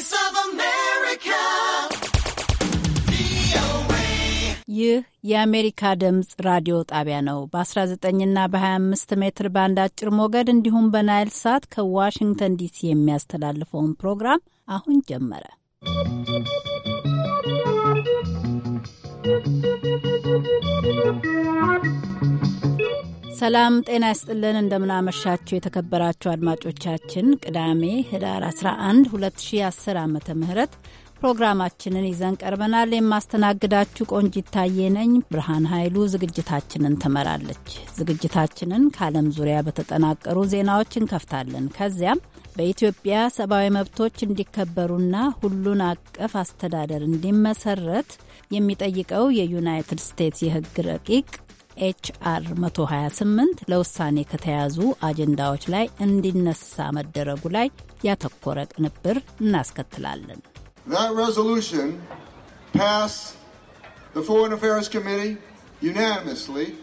Voice of America. ይህ የአሜሪካ ድምፅ ራዲዮ ጣቢያ ነው። በ19ና በ25 ሜትር ባንድ አጭር ሞገድ እንዲሁም በናይል ሳት ከዋሽንግተን ዲሲ የሚያስተላልፈውን ፕሮግራም አሁን ጀመረ። ¶¶ ሰላም ጤና ይስጥልን። እንደምናመሻችሁ የተከበራችሁ አድማጮቻችን፣ ቅዳሜ ህዳር 11 2010 ዓ ም ፕሮግራማችንን ይዘን ቀርበናል። የማስተናግዳችሁ ቆንጂት ታዬ ነኝ። ብርሃን ኃይሉ ዝግጅታችንን ትመራለች። ዝግጅታችንን ከዓለም ዙሪያ በተጠናቀሩ ዜናዎች እንከፍታለን። ከዚያም በኢትዮጵያ ሰብአዊ መብቶች እንዲከበሩና ሁሉን አቀፍ አስተዳደር እንዲመሰረት የሚጠይቀው የዩናይትድ ስቴትስ የህግ ረቂቅ That resolution passed the Foreign Affairs Committee unanimously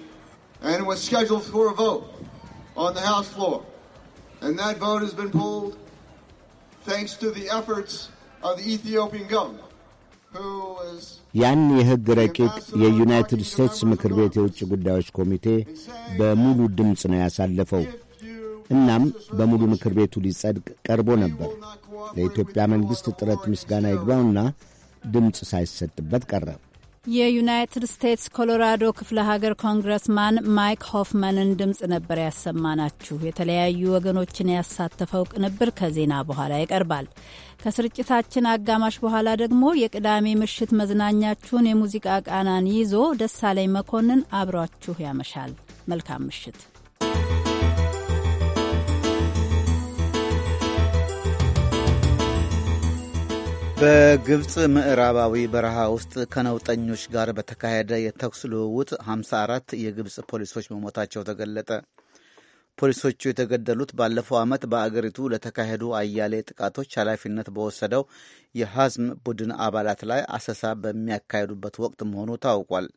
and was scheduled for a vote on the House floor. And that vote has been pulled thanks to the efforts of the Ethiopian government, who is. ያን የሕግ ረቂቅ የዩናይትድ ስቴትስ ምክር ቤት የውጭ ጉዳዮች ኮሚቴ በሙሉ ድምፅ ነው ያሳለፈው። እናም በሙሉ ምክር ቤቱ ሊጸድቅ ቀርቦ ነበር። ለኢትዮጵያ መንግሥት ጥረት ምስጋና ይግባውና ድምፅ ሳይሰጥበት ቀረ። የዩናይትድ ስቴትስ ኮሎራዶ ክፍለ ሀገር ኮንግረስማን ማይክ ሆፍመንን ድምፅ ነበር ያሰማናችሁ። የተለያዩ ወገኖችን ያሳተፈው ቅንብር ከዜና በኋላ ይቀርባል። ከስርጭታችን አጋማሽ በኋላ ደግሞ የቅዳሜ ምሽት መዝናኛችሁን የሙዚቃ ቃናን ይዞ ደሳለኝ መኮንን አብሯችሁ ያመሻል። መልካም ምሽት። በግብፅ ምዕራባዊ በረሃ ውስጥ ከነውጠኞች ጋር በተካሄደ የተኩስ ልውውጥ 54 የግብፅ ፖሊሶች መሞታቸው ተገለጠ። ፖሊሶቹ የተገደሉት ባለፈው ዓመት በአገሪቱ ለተካሄዱ አያሌ ጥቃቶች ኃላፊነት በወሰደው የሐዝም ቡድን አባላት ላይ አሰሳ በሚያካሄዱበት ወቅት መሆኑ ታውቋል።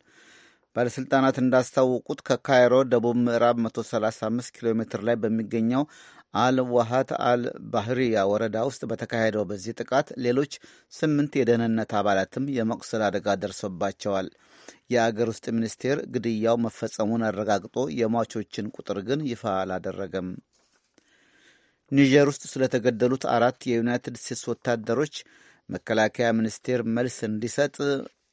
ባለሥልጣናት እንዳስታወቁት ከካይሮ ደቡብ ምዕራብ 135 ኪሎ ሜትር ላይ በሚገኘው አልዋሃት አልባህሪያ ወረዳ ውስጥ በተካሄደው በዚህ ጥቃት ሌሎች ስምንት የደህንነት አባላትም የመቁሰል አደጋ ደርሶባቸዋል። የአገር ውስጥ ሚኒስቴር ግድያው መፈጸሙን አረጋግጦ የሟቾችን ቁጥር ግን ይፋ አላደረገም። ኒጀር ውስጥ ስለተገደሉት አራት የዩናይትድ ስቴትስ ወታደሮች መከላከያ ሚኒስቴር መልስ እንዲሰጥ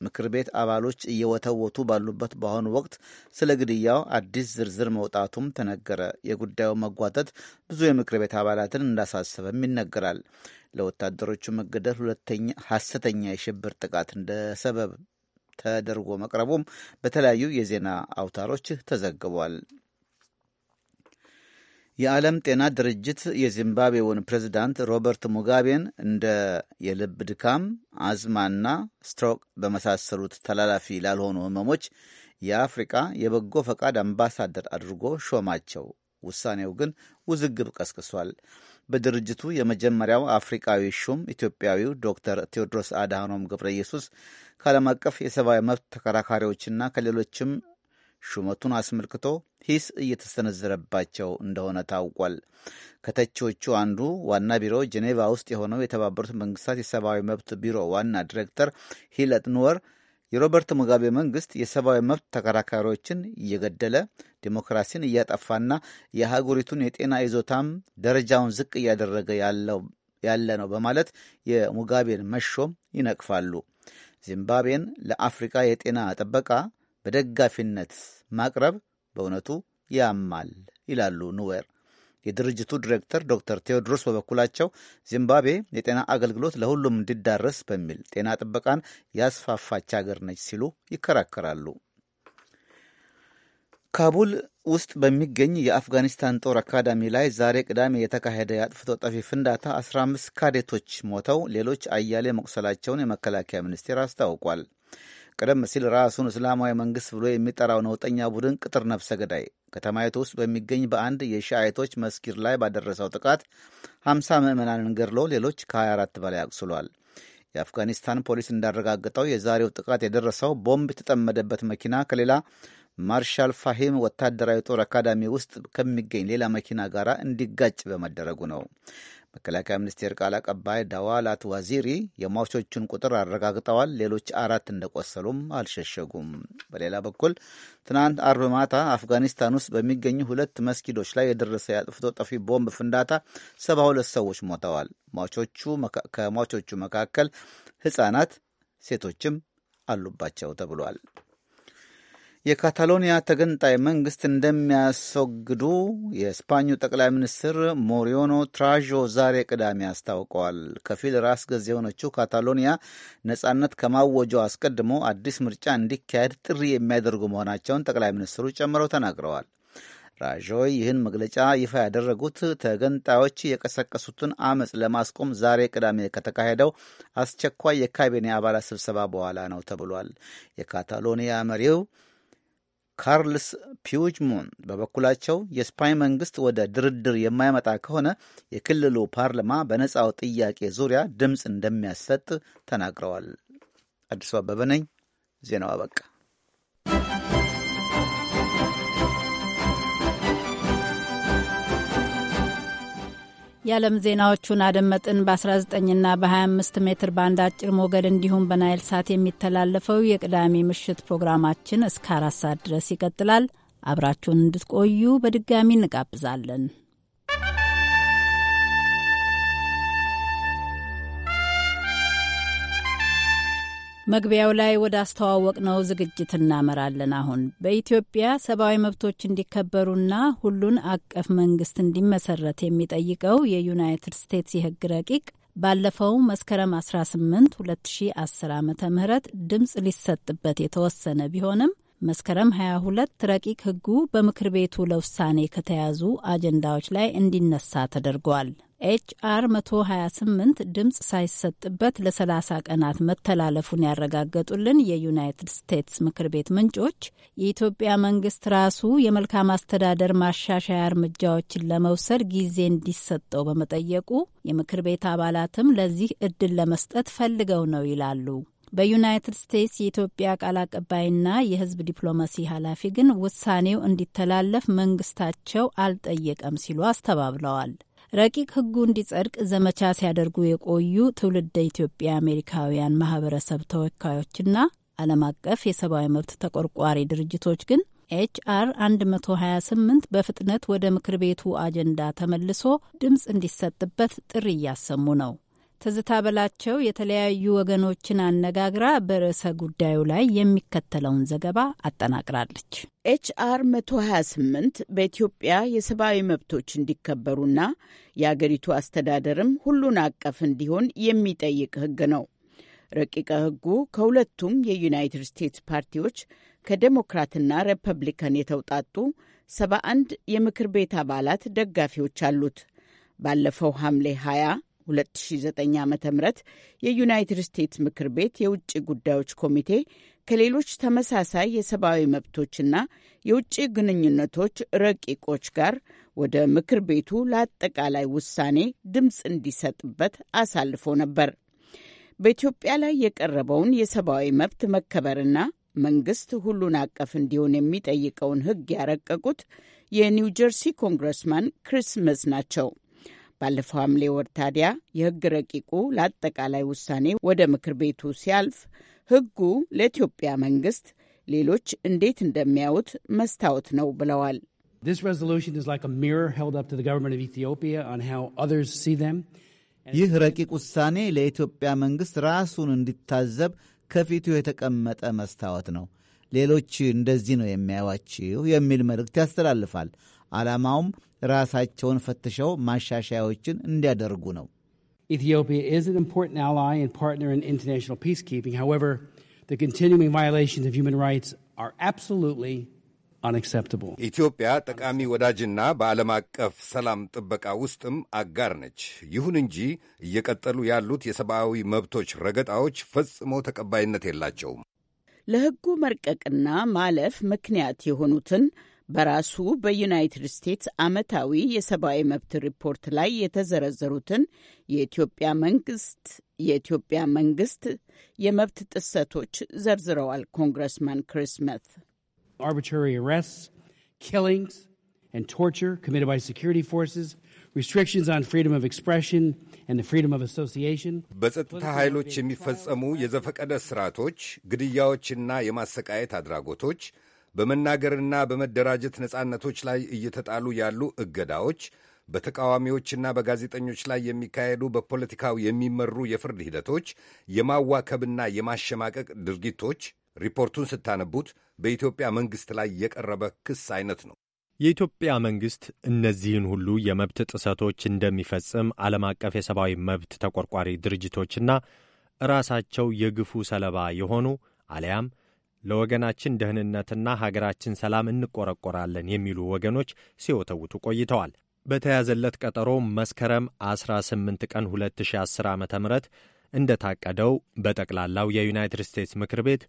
ምክር ቤት አባሎች እየወተወቱ ባሉበት በአሁኑ ወቅት ስለ ግድያው አዲስ ዝርዝር መውጣቱም ተነገረ። የጉዳዩ መጓተት ብዙ የምክር ቤት አባላትን እንዳሳሰበም ይነገራል። ለወታደሮቹ መገደል ሁለተኛ ሐሰተኛ የሽብር ጥቃት እንደ ሰበብ ተደርጎ መቅረቡም በተለያዩ የዜና አውታሮች ተዘግቧል። የዓለም ጤና ድርጅት የዚምባብዌውን ፕሬዚዳንት ሮበርት ሙጋቤን እንደ የልብ ድካም፣ አዝማና ስትሮክ በመሳሰሉት ተላላፊ ላልሆኑ ህመሞች የአፍሪቃ የበጎ ፈቃድ አምባሳደር አድርጎ ሾማቸው። ውሳኔው ግን ውዝግብ ቀስቅሷል። በድርጅቱ የመጀመሪያው አፍሪቃዊ ሹም ኢትዮጵያዊው ዶክተር ቴዎድሮስ አድሃኖም ገብረ ኢየሱስ ከዓለም አቀፍ የሰብአዊ መብት ተከራካሪዎችና ከሌሎችም ሹመቱን አስመልክቶ ሂስ እየተሰነዘረባቸው እንደሆነ ታውቋል። ከተቺዎቹ አንዱ ዋና ቢሮ ጄኔቫ ውስጥ የሆነው የተባበሩት መንግስታት የሰብአዊ መብት ቢሮ ዋና ዲሬክተር ሂለት ንወር። የሮበርት ሙጋቤ መንግስት የሰብአዊ መብት ተከራካሪዎችን እየገደለ ዲሞክራሲን እያጠፋና የሀገሪቱን የጤና ይዞታም ደረጃውን ዝቅ እያደረገ ያለ ነው በማለት የሙጋቤን መሾም ይነቅፋሉ። ዚምባብዌን ለአፍሪካ የጤና ጥበቃ በደጋፊነት ማቅረብ በእውነቱ ያማል ይላሉ ኑዌር። የድርጅቱ ዲሬክተር ዶክተር ቴዎድሮስ በበኩላቸው ዚምባብዌ የጤና አገልግሎት ለሁሉም እንዲዳረስ በሚል ጤና ጥበቃን ያስፋፋች ሀገር ነች ሲሉ ይከራከራሉ። ካቡል ውስጥ በሚገኝ የአፍጋኒስታን ጦር አካዳሚ ላይ ዛሬ ቅዳሜ የተካሄደ የአጥፍቶ ጠፊ ፍንዳታ 15 ካዴቶች ሞተው ሌሎች አያሌ መቁሰላቸውን የመከላከያ ሚኒስቴር አስታውቋል። ቀደም ሲል ራሱን እስላማዊ መንግስት ብሎ የሚጠራው ነውጠኛ ቡድን ቅጥር ነፍሰ ገዳይ ከተማይቱ ውስጥ በሚገኝ በአንድ የሻይቶች መስጊድ ላይ ባደረሰው ጥቃት 50 ምዕመናንን ገድሎ ሌሎች ከ24 በላይ አቁስሏል። የአፍጋኒስታን ፖሊስ እንዳረጋገጠው የዛሬው ጥቃት የደረሰው ቦምብ የተጠመደበት መኪና ከሌላ ማርሻል ፋሂም ወታደራዊ ጦር አካዳሚ ውስጥ ከሚገኝ ሌላ መኪና ጋር እንዲጋጭ በመደረጉ ነው። መከላከያ ሚኒስቴር ቃል አቀባይ ዳዋላት ዋዚሪ የሟቾቹን ቁጥር አረጋግጠዋል። ሌሎች አራት እንደቆሰሉም አልሸሸጉም። በሌላ በኩል ትናንት አርብ ማታ አፍጋኒስታን ውስጥ በሚገኙ ሁለት መስጊዶች ላይ የደረሰ የአጥፍቶ ጠፊ ቦምብ ፍንዳታ ሰባ ሁለት ሰዎች ሞተዋል። ከሟቾቹ መካከል ሕጻናት፣ ሴቶችም አሉባቸው ተብሏል። የካታሎኒያ ተገንጣይ መንግሥት እንደሚያስወግዱ የስፓኙ ጠቅላይ ሚኒስትር ሞሪዮኖ ትራዦ ዛሬ ቅዳሜ አስታውቀዋል። ከፊል ራስ ገዝ የሆነችው ካታሎኒያ ነጻነት ከማወጇ አስቀድሞ አዲስ ምርጫ እንዲካሄድ ጥሪ የሚያደርጉ መሆናቸውን ጠቅላይ ሚኒስትሩ ጨምረው ተናግረዋል። ራዦይ ይህን መግለጫ ይፋ ያደረጉት ተገንጣዮች የቀሰቀሱትን አመፅ ለማስቆም ዛሬ ቅዳሜ ከተካሄደው አስቸኳይ የካቢኔ አባላት ስብሰባ በኋላ ነው ተብሏል። የካታሎኒያ መሪው ካርልስ ፒዩጅሙን በበኩላቸው የስፓይ መንግስት ወደ ድርድር የማይመጣ ከሆነ የክልሉ ፓርላማ በነፃው ጥያቄ ዙሪያ ድምፅ እንደሚያሰጥ ተናግረዋል። አዲሱ አበበ ነኝ። ዜናው አበቃ። የዓለም ዜናዎቹን አደመጥን። በ19ና በ25 ሜትር ባንድ አጭር ሞገድ እንዲሁም በናይል ሳት የሚተላለፈው የቅዳሜ ምሽት ፕሮግራማችን እስከ አራት ሰዓት ድረስ ይቀጥላል። አብራችሁን እንድትቆዩ በድጋሚ እንጋብዛለን። መግቢያው ላይ ወደ አስተዋወቅ ነው ዝግጅት እናመራለን። አሁን በኢትዮጵያ ሰብአዊ መብቶች እንዲከበሩና ሁሉን አቀፍ መንግስት እንዲመሰረት የሚጠይቀው የዩናይትድ ስቴትስ የህግ ረቂቅ ባለፈው መስከረም 18 2010 ዓ ም ድምፅ ሊሰጥበት የተወሰነ ቢሆንም መስከረም 22 ረቂቅ ህጉ በምክር ቤቱ ለውሳኔ ከተያዙ አጀንዳዎች ላይ እንዲነሳ ተደርጓል። ኤችአር 128 ድምፅ ሳይሰጥበት ለ30 ቀናት መተላለፉን ያረጋገጡልን የዩናይትድ ስቴትስ ምክር ቤት ምንጮች የኢትዮጵያ መንግስት ራሱ የመልካም አስተዳደር ማሻሻያ እርምጃዎችን ለመውሰድ ጊዜ እንዲሰጠው በመጠየቁ የምክር ቤት አባላትም ለዚህ እድል ለመስጠት ፈልገው ነው ይላሉ። በዩናይትድ ስቴትስ የኢትዮጵያ ቃል አቀባይና የሕዝብ ዲፕሎማሲ ኃላፊ ግን ውሳኔው እንዲተላለፍ መንግስታቸው አልጠየቀም ሲሉ አስተባብለዋል። ረቂቅ ሕጉ እንዲጸድቅ ዘመቻ ሲያደርጉ የቆዩ ትውልደ ኢትዮጵያ አሜሪካውያን ማህበረሰብ ተወካዮችና ዓለም አቀፍ የሰብአዊ መብት ተቆርቋሪ ድርጅቶች ግን ኤችአር 128 በፍጥነት ወደ ምክር ቤቱ አጀንዳ ተመልሶ ድምፅ እንዲሰጥበት ጥሪ እያሰሙ ነው። ትዝታ በላቸው የተለያዩ ወገኖችን አነጋግራ በርዕሰ ጉዳዩ ላይ የሚከተለውን ዘገባ አጠናቅራለች። ኤች አር 128 በኢትዮጵያ የሰብአዊ መብቶች እንዲከበሩና የአገሪቱ አስተዳደርም ሁሉን አቀፍ እንዲሆን የሚጠይቅ ህግ ነው። ረቂቀ ህጉ ከሁለቱም የዩናይትድ ስቴትስ ፓርቲዎች ከዴሞክራትና ሪፐብሊካን የተውጣጡ 71 የምክር ቤት አባላት ደጋፊዎች አሉት። ባለፈው ሐምሌ 20 2009 ዓ ም የዩናይትድ ስቴትስ ምክር ቤት የውጭ ጉዳዮች ኮሚቴ ከሌሎች ተመሳሳይ የሰብአዊ መብቶችና የውጭ ግንኙነቶች ረቂቆች ጋር ወደ ምክር ቤቱ ለአጠቃላይ ውሳኔ ድምፅ እንዲሰጥበት አሳልፎ ነበር። በኢትዮጵያ ላይ የቀረበውን የሰብአዊ መብት መከበርና መንግስት ሁሉን አቀፍ እንዲሆን የሚጠይቀውን ሕግ ያረቀቁት የኒው ጀርሲ ኮንግረስማን ክሪስ ናቸው። ባለፈው ሐምሌ ወር ታዲያ የሕግ ረቂቁ ለአጠቃላይ ውሳኔ ወደ ምክር ቤቱ ሲያልፍ ሕጉ ለኢትዮጵያ መንግስት ሌሎች እንዴት እንደሚያዩት መስታወት ነው ብለዋል። ይህ ረቂቅ ውሳኔ ለኢትዮጵያ መንግሥት ራሱን እንዲታዘብ ከፊቱ የተቀመጠ መስታወት ነው። ሌሎች እንደዚህ ነው የሚያዩአችሁ የሚል መልእክት ያስተላልፋል። ዓላማውም ራሳቸውን ፈትሸው ማሻሻያዎችን እንዲያደርጉ ነው። Ethiopia is an important ally and partner in international peacekeeping. However, the continuing violations of human rights are absolutely unacceptable. ኢትዮጵያ ጠቃሚ ወዳጅና በዓለም አቀፍ ሰላም ጥበቃ ውስጥም አጋር ነች። ይሁን እንጂ እየቀጠሉ ያሉት የሰብአዊ መብቶች ረገጣዎች ፈጽሞ ተቀባይነት የላቸውም። ለሕጉ መርቀቅና ማለፍ ምክንያት የሆኑትን በራሱ በዩናይትድ ስቴትስ ዓመታዊ የሰብአዊ መብት ሪፖርት ላይ የተዘረዘሩትን የኢትዮጵያ መንግስት የኢትዮጵያ መንግስት የመብት ጥሰቶች ዘርዝረዋል። ኮንግረስማን ክሪስመት በጸጥታ ኃይሎች የሚፈጸሙ የዘፈቀደ ስርዓቶች፣ ግድያዎችና የማሰቃየት አድራጎቶች በመናገርና በመደራጀት ነጻነቶች ላይ እየተጣሉ ያሉ እገዳዎች፣ በተቃዋሚዎችና በጋዜጠኞች ላይ የሚካሄዱ በፖለቲካው የሚመሩ የፍርድ ሂደቶች፣ የማዋከብና የማሸማቀቅ ድርጊቶች ሪፖርቱን ስታነቡት በኢትዮጵያ መንግሥት ላይ የቀረበ ክስ አይነት ነው። የኢትዮጵያ መንግሥት እነዚህን ሁሉ የመብት ጥሰቶች እንደሚፈጽም ዓለም አቀፍ የሰብአዊ መብት ተቆርቋሪ ድርጅቶችና ራሳቸው የግፉ ሰለባ የሆኑ አሊያም ለወገናችን ደህንነትና ሀገራችን ሰላም እንቆረቆራለን የሚሉ ወገኖች ሲወተውቱ ቆይተዋል። በተያዘለት ቀጠሮ መስከረም 18 ቀን 2010 ዓ ም እንደታቀደው በጠቅላላው የዩናይትድ ስቴትስ ምክር ቤት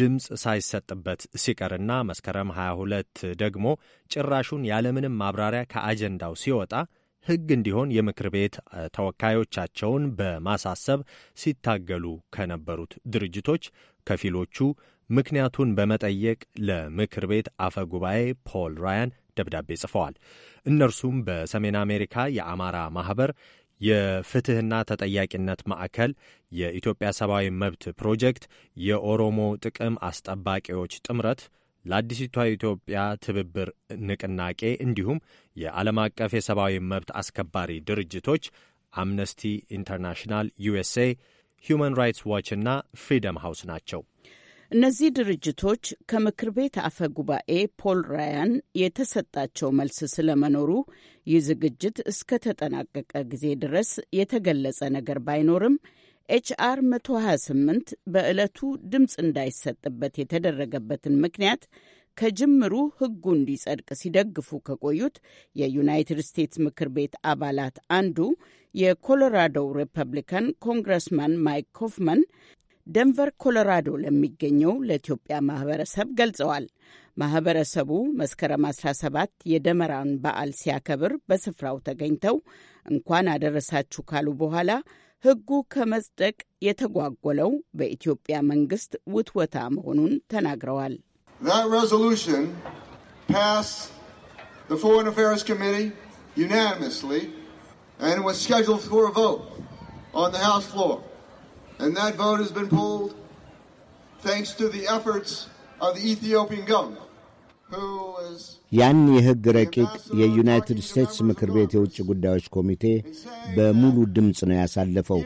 ድምፅ ሳይሰጥበት ሲቀርና መስከረም 22 ደግሞ ጭራሹን ያለምንም ማብራሪያ ከአጀንዳው ሲወጣ ሕግ እንዲሆን የምክር ቤት ተወካዮቻቸውን በማሳሰብ ሲታገሉ ከነበሩት ድርጅቶች ከፊሎቹ ምክንያቱን በመጠየቅ ለምክር ቤት አፈ ጉባኤ ፖል ራያን ደብዳቤ ጽፈዋል። እነርሱም በሰሜን አሜሪካ የአማራ ማኅበር፣ የፍትሕና ተጠያቂነት ማዕከል፣ የኢትዮጵያ ሰብአዊ መብት ፕሮጀክት፣ የኦሮሞ ጥቅም አስጠባቂዎች ጥምረት ለአዲሲቷ ኢትዮጵያ ትብብር ንቅናቄ እንዲሁም የዓለም አቀፍ የሰብአዊ መብት አስከባሪ ድርጅቶች አምነስቲ ኢንተርናሽናል፣ ዩኤስኤ፣ ሁማን ራይትስ ዋች እና ፍሪደም ሃውስ ናቸው። እነዚህ ድርጅቶች ከምክር ቤት አፈ ጉባኤ ፖል ራያን የተሰጣቸው መልስ ስለመኖሩ ይህ ዝግጅት እስከ ተጠናቀቀ ጊዜ ድረስ የተገለጸ ነገር ባይኖርም ኤችአር 128 በዕለቱ ድምፅ እንዳይሰጥበት የተደረገበትን ምክንያት ከጅምሩ ሕጉ እንዲጸድቅ ሲደግፉ ከቆዩት የዩናይትድ ስቴትስ ምክር ቤት አባላት አንዱ የኮሎራዶው ሪፐብሊካን ኮንግረስማን ማይክ ኮፍመን ደንቨር ኮሎራዶ ለሚገኘው ለኢትዮጵያ ማህበረሰብ ገልጸዋል። ማህበረሰቡ መስከረም 17 የደመራን በዓል ሲያከብር በስፍራው ተገኝተው እንኳን አደረሳችሁ ካሉ በኋላ ሕጉ ከመጽደቅ የተጓጎለው በኢትዮጵያ መንግስት ውትወታ መሆኑን ተናግረዋል። ስ And that vote has been pulled thanks to the efforts of the Ethiopian government. ያን የሕግ ረቂቅ የዩናይትድ ስቴትስ ምክር ቤት የውጭ ጉዳዮች ኮሚቴ በሙሉ ድምፅ ነው ያሳለፈው።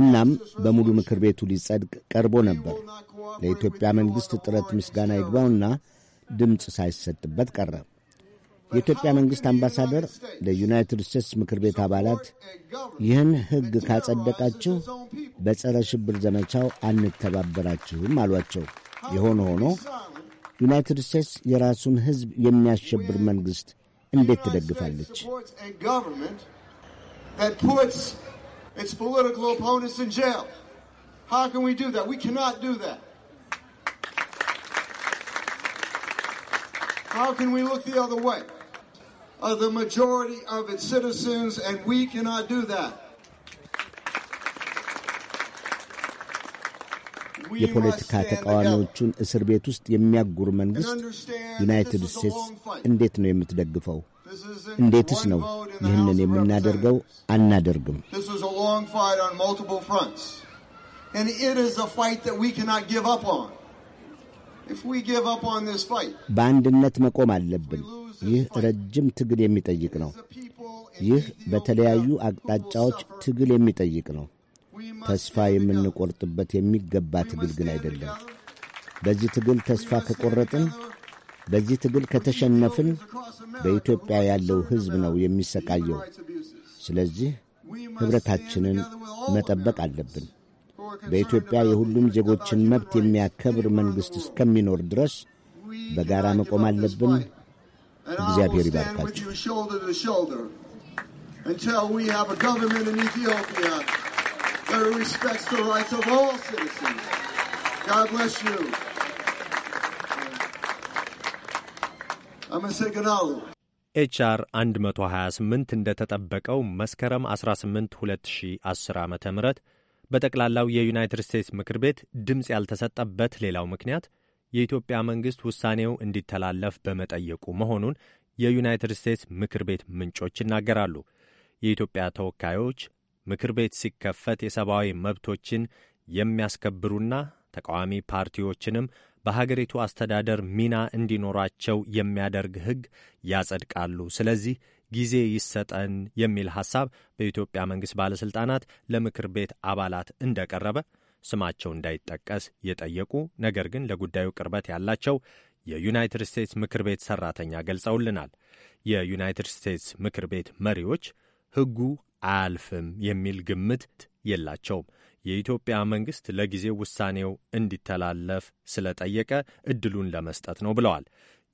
እናም በሙሉ ምክር ቤቱ ሊጸድቅ ቀርቦ ነበር። ለኢትዮጵያ መንግሥት ጥረት ምስጋና ይግባውና ድምፅ ሳይሰጥበት ቀረ። የኢትዮጵያ መንግሥት አምባሳደር ለዩናይትድ ስቴትስ ምክር ቤት አባላት ይህን ሕግ ካጸደቃችሁ በጸረ ሽብር ዘመቻው አንተባበራችሁም አሏቸው። የሆነ ሆኖ ዩናይትድ ስቴትስ የራሱን ሕዝብ የሚያሸብር መንግሥት እንዴት ትደግፋለች? How can we look the other way? of the majority of its citizens, and we cannot do that. የፖለቲካ ተቃዋሚዎቹን እስር ቤት ውስጥ የሚያጉር መንግሥት ዩናይትድ ስቴትስ እንዴት ነው የምትደግፈው? እንዴትስ ነው ይህንን የምናደርገው? አናደርግም። በአንድነት መቆም አለብን። ይህ ረጅም ትግል የሚጠይቅ ነው። ይህ በተለያዩ አቅጣጫዎች ትግል የሚጠይቅ ነው። ተስፋ የምንቆርጥበት የሚገባ ትግል ግን አይደለም። በዚህ ትግል ተስፋ ከቆረጥን፣ በዚህ ትግል ከተሸነፍን በኢትዮጵያ ያለው ሕዝብ ነው የሚሰቃየው። ስለዚህ ኅብረታችንን መጠበቅ አለብን። በኢትዮጵያ የሁሉም ዜጎችን መብት የሚያከብር መንግሥት እስከሚኖር ድረስ በጋራ መቆም አለብን። እግዚአብሔር ይባርካችሁ። ኤችአር 128 እንደተጠበቀው መስከረም 18 2010 ዓ ም በጠቅላላው የዩናይትድ ስቴትስ ምክር ቤት ድምፅ ያልተሰጠበት ሌላው ምክንያት የኢትዮጵያ መንግስት ውሳኔው እንዲተላለፍ በመጠየቁ መሆኑን የዩናይትድ ስቴትስ ምክር ቤት ምንጮች ይናገራሉ። የኢትዮጵያ ተወካዮች ምክር ቤት ሲከፈት የሰብአዊ መብቶችን የሚያስከብሩና ተቃዋሚ ፓርቲዎችንም በሀገሪቱ አስተዳደር ሚና እንዲኖራቸው የሚያደርግ ሕግ ያጸድቃሉ። ስለዚህ ጊዜ ይሰጠን የሚል ሐሳብ በኢትዮጵያ መንግሥት ባለሥልጣናት ለምክር ቤት አባላት እንደቀረበ ስማቸው እንዳይጠቀስ የጠየቁ ነገር ግን ለጉዳዩ ቅርበት ያላቸው የዩናይትድ ስቴትስ ምክር ቤት ሠራተኛ ገልጸውልናል። የዩናይትድ ስቴትስ ምክር ቤት መሪዎች ሕጉ አያልፍም የሚል ግምት የላቸውም። የኢትዮጵያ መንግሥት ለጊዜው ውሳኔው እንዲተላለፍ ስለጠየቀ ዕድሉን ለመስጠት ነው ብለዋል።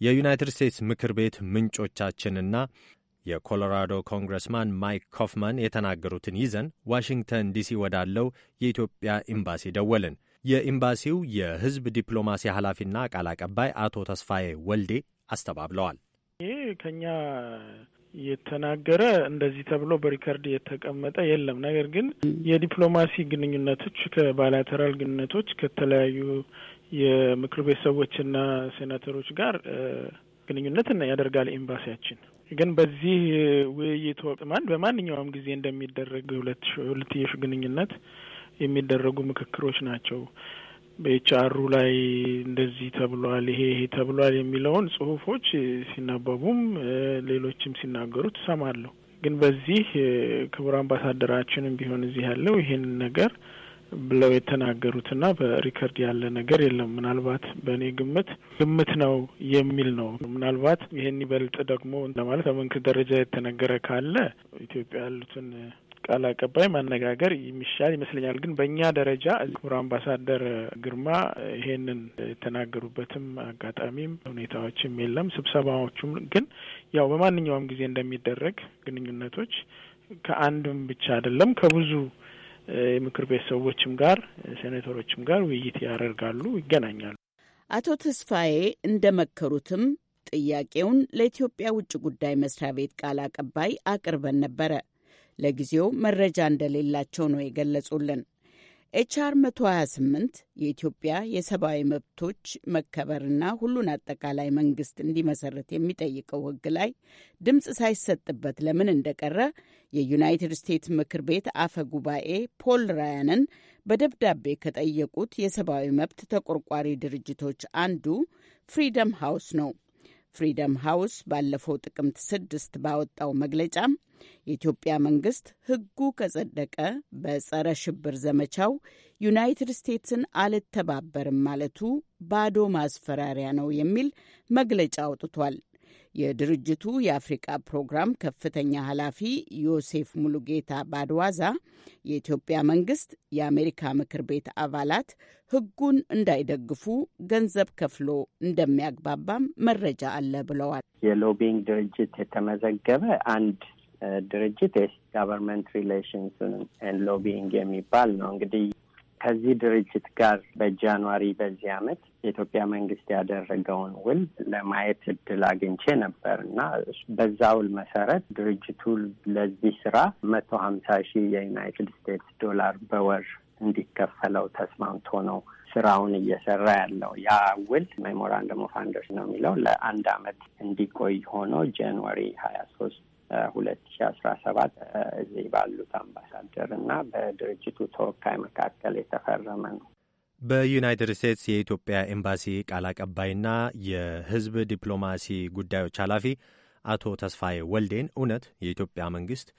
የዩናይትድ ስቴትስ ምክር ቤት ምንጮቻችንና የኮሎራዶ ኮንግረስማን ማይክ ኮፍማን የተናገሩትን ይዘን ዋሽንግተን ዲሲ ወዳለው የኢትዮጵያ ኤምባሲ ደወልን። የኤምባሲው የሕዝብ ዲፕሎማሲ ኃላፊና ቃል አቀባይ አቶ ተስፋዬ ወልዴ አስተባብለዋል። ይህ ከኛ የተናገረ እንደዚህ ተብሎ በሪከርድ የተቀመጠ የለም። ነገር ግን የዲፕሎማሲ ግንኙነቶች ከባይላተራል ግንኙነቶች ከተለያዩ የምክር ቤት ሰዎችና ሴናተሮች ጋር ግንኙነት ያደርጋል ኤምባሲያችን። ግን በዚህ ውይይት ወቅት ማን በማንኛውም ጊዜ እንደሚደረግ ሁለት ሁለትዮሽ ግንኙነት የሚደረጉ ምክክሮች ናቸው። በኤችአሩ ላይ እንደዚህ ተብሏል፣ ይሄ ይሄ ተብሏል የሚለውን ጽሁፎች ሲነበቡም ሌሎችም ሲናገሩ ትሰማለሁ። ግን በዚህ ክቡር አምባሳደራችንም ቢሆን እዚህ ያለው ይሄን ነገር ብለው የተናገሩትና በሪከርድ ያለ ነገር የለም። ምናልባት በእኔ ግምት ግምት ነው የሚል ነው። ምናልባት ይህን ይበልጥ ደግሞ ለማለት በመንግስት ደረጃ የተነገረ ካለ ኢትዮጵያ ያሉትን ቃል አቀባይ ማነጋገር የሚሻል ይመስለኛል። ግን በእኛ ደረጃ ክቡር አምባሳደር ግርማ ይሄንን የተናገሩበትም አጋጣሚም ሁኔታዎችም የለም። ስብሰባዎቹም ግን ያው በማንኛውም ጊዜ እንደሚደረግ ግንኙነቶች ከአንድም ብቻ አይደለም ከብዙ የምክር ቤት ሰዎችም ጋር ሴኔተሮችም ጋር ውይይት ያደርጋሉ፣ ይገናኛሉ። አቶ ተስፋዬ እንደመከሩትም ጥያቄውን ለኢትዮጵያ ውጭ ጉዳይ መስሪያ ቤት ቃል አቀባይ አቅርበን ነበረ። ለጊዜው መረጃ እንደሌላቸው ነው የገለጹልን። ኤችአር 128 የኢትዮጵያ የሰብአዊ መብቶች መከበርና ሁሉን አጠቃላይ መንግስት እንዲመሰረት የሚጠይቀው ህግ ላይ ድምፅ ሳይሰጥበት ለምን እንደቀረ የዩናይትድ ስቴትስ ምክር ቤት አፈ ጉባኤ ፖል ራያንን በደብዳቤ ከጠየቁት የሰብአዊ መብት ተቆርቋሪ ድርጅቶች አንዱ ፍሪደም ሃውስ ነው። ፍሪደም ሃውስ ባለፈው ጥቅምት ስድስት ባወጣው መግለጫም የኢትዮጵያ መንግስት ህጉ ከጸደቀ በጸረ ሽብር ዘመቻው ዩናይትድ ስቴትስን አልተባበርም ማለቱ ባዶ ማስፈራሪያ ነው የሚል መግለጫ አውጥቷል። የድርጅቱ የአፍሪቃ ፕሮግራም ከፍተኛ ኃላፊ ዮሴፍ ሙሉጌታ ባድዋዛ የኢትዮጵያ መንግስት የአሜሪካ ምክር ቤት አባላት ህጉን እንዳይደግፉ ገንዘብ ከፍሎ እንደሚያግባባም መረጃ አለ ብለዋል። የሎቢንግ ድርጅት የተመዘገበ አንድ ድርጅት የጋቨርንመንት ሪሌሽንስ ኤንድ ሎቢንግ የሚባል ነው። እንግዲህ ከዚህ ድርጅት ጋር በጃንዋሪ በዚህ አመት የኢትዮጵያ መንግስት ያደረገውን ውል ለማየት እድል አግኝቼ ነበር እና በዛ ውል መሰረት ድርጅቱ ለዚህ ስራ መቶ ሀምሳ ሺህ የዩናይትድ ስቴትስ ዶላር በወር እንዲከፈለው ተስማምቶ ነው ስራውን እየሰራ ያለው። ያ ውል ሜሞራንደም ኦፍ አንደርስ ነው የሚለው ለአንድ አመት እንዲቆይ ሆኖ ጃንዋሪ ሀያ ሶስት ሁለት ሺ አስራ ሰባት እዚህ ባሉት አምባሳደር እና በድርጅቱ ተወካይ መካከል የተፈረመ ነው። በዩናይትድ ስቴትስ የኢትዮጵያ ኤምባሲ ቃል አቀባይና የሕዝብ ዲፕሎማሲ ጉዳዮች ኃላፊ አቶ ተስፋዬ ወልዴን እውነት የኢትዮጵያ መንግስት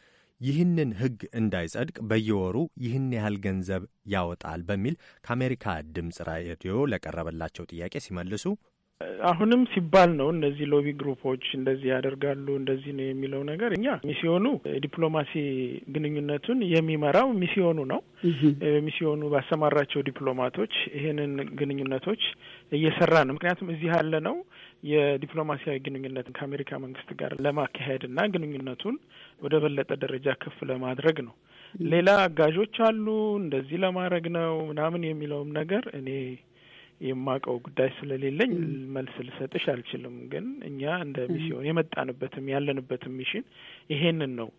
ይህንን ሕግ እንዳይጸድቅ በየወሩ ይህን ያህል ገንዘብ ያወጣል በሚል ከአሜሪካ ድምፅ ራዲዮ ለቀረበላቸው ጥያቄ ሲመልሱ አሁንም ሲባል ነው እነዚህ ሎቢ ግሩፖች እንደዚህ ያደርጋሉ እንደዚህ ነው የሚለው ነገር እኛ ሚስዮኑ ዲፕሎማሲ ግንኙነቱን የሚመራው ሚስዮኑ ነው። ሚስዮኑ ባሰማራቸው ዲፕሎማቶች ይህንን ግንኙነቶች እየሰራ ነው። ምክንያቱም እዚህ ያለ ነው የዲፕሎማሲያዊ ግንኙነት ከአሜሪካ መንግስት ጋር ለማካሄድ እና ግንኙነቱን ወደ በለጠ ደረጃ ከፍ ለማድረግ ነው። ሌላ አጋዦች አሉ እንደዚህ ለማድረግ ነው ምናምን የሚለውም ነገር እኔ የማውቀው ጉዳይ ስለሌለኝ መልስ ልሰጥሽ አልችልም። ግን እኛ እንደ ሚስዮን የመጣንበትም ያለንበትም ሚሽን ይሄንን ነው።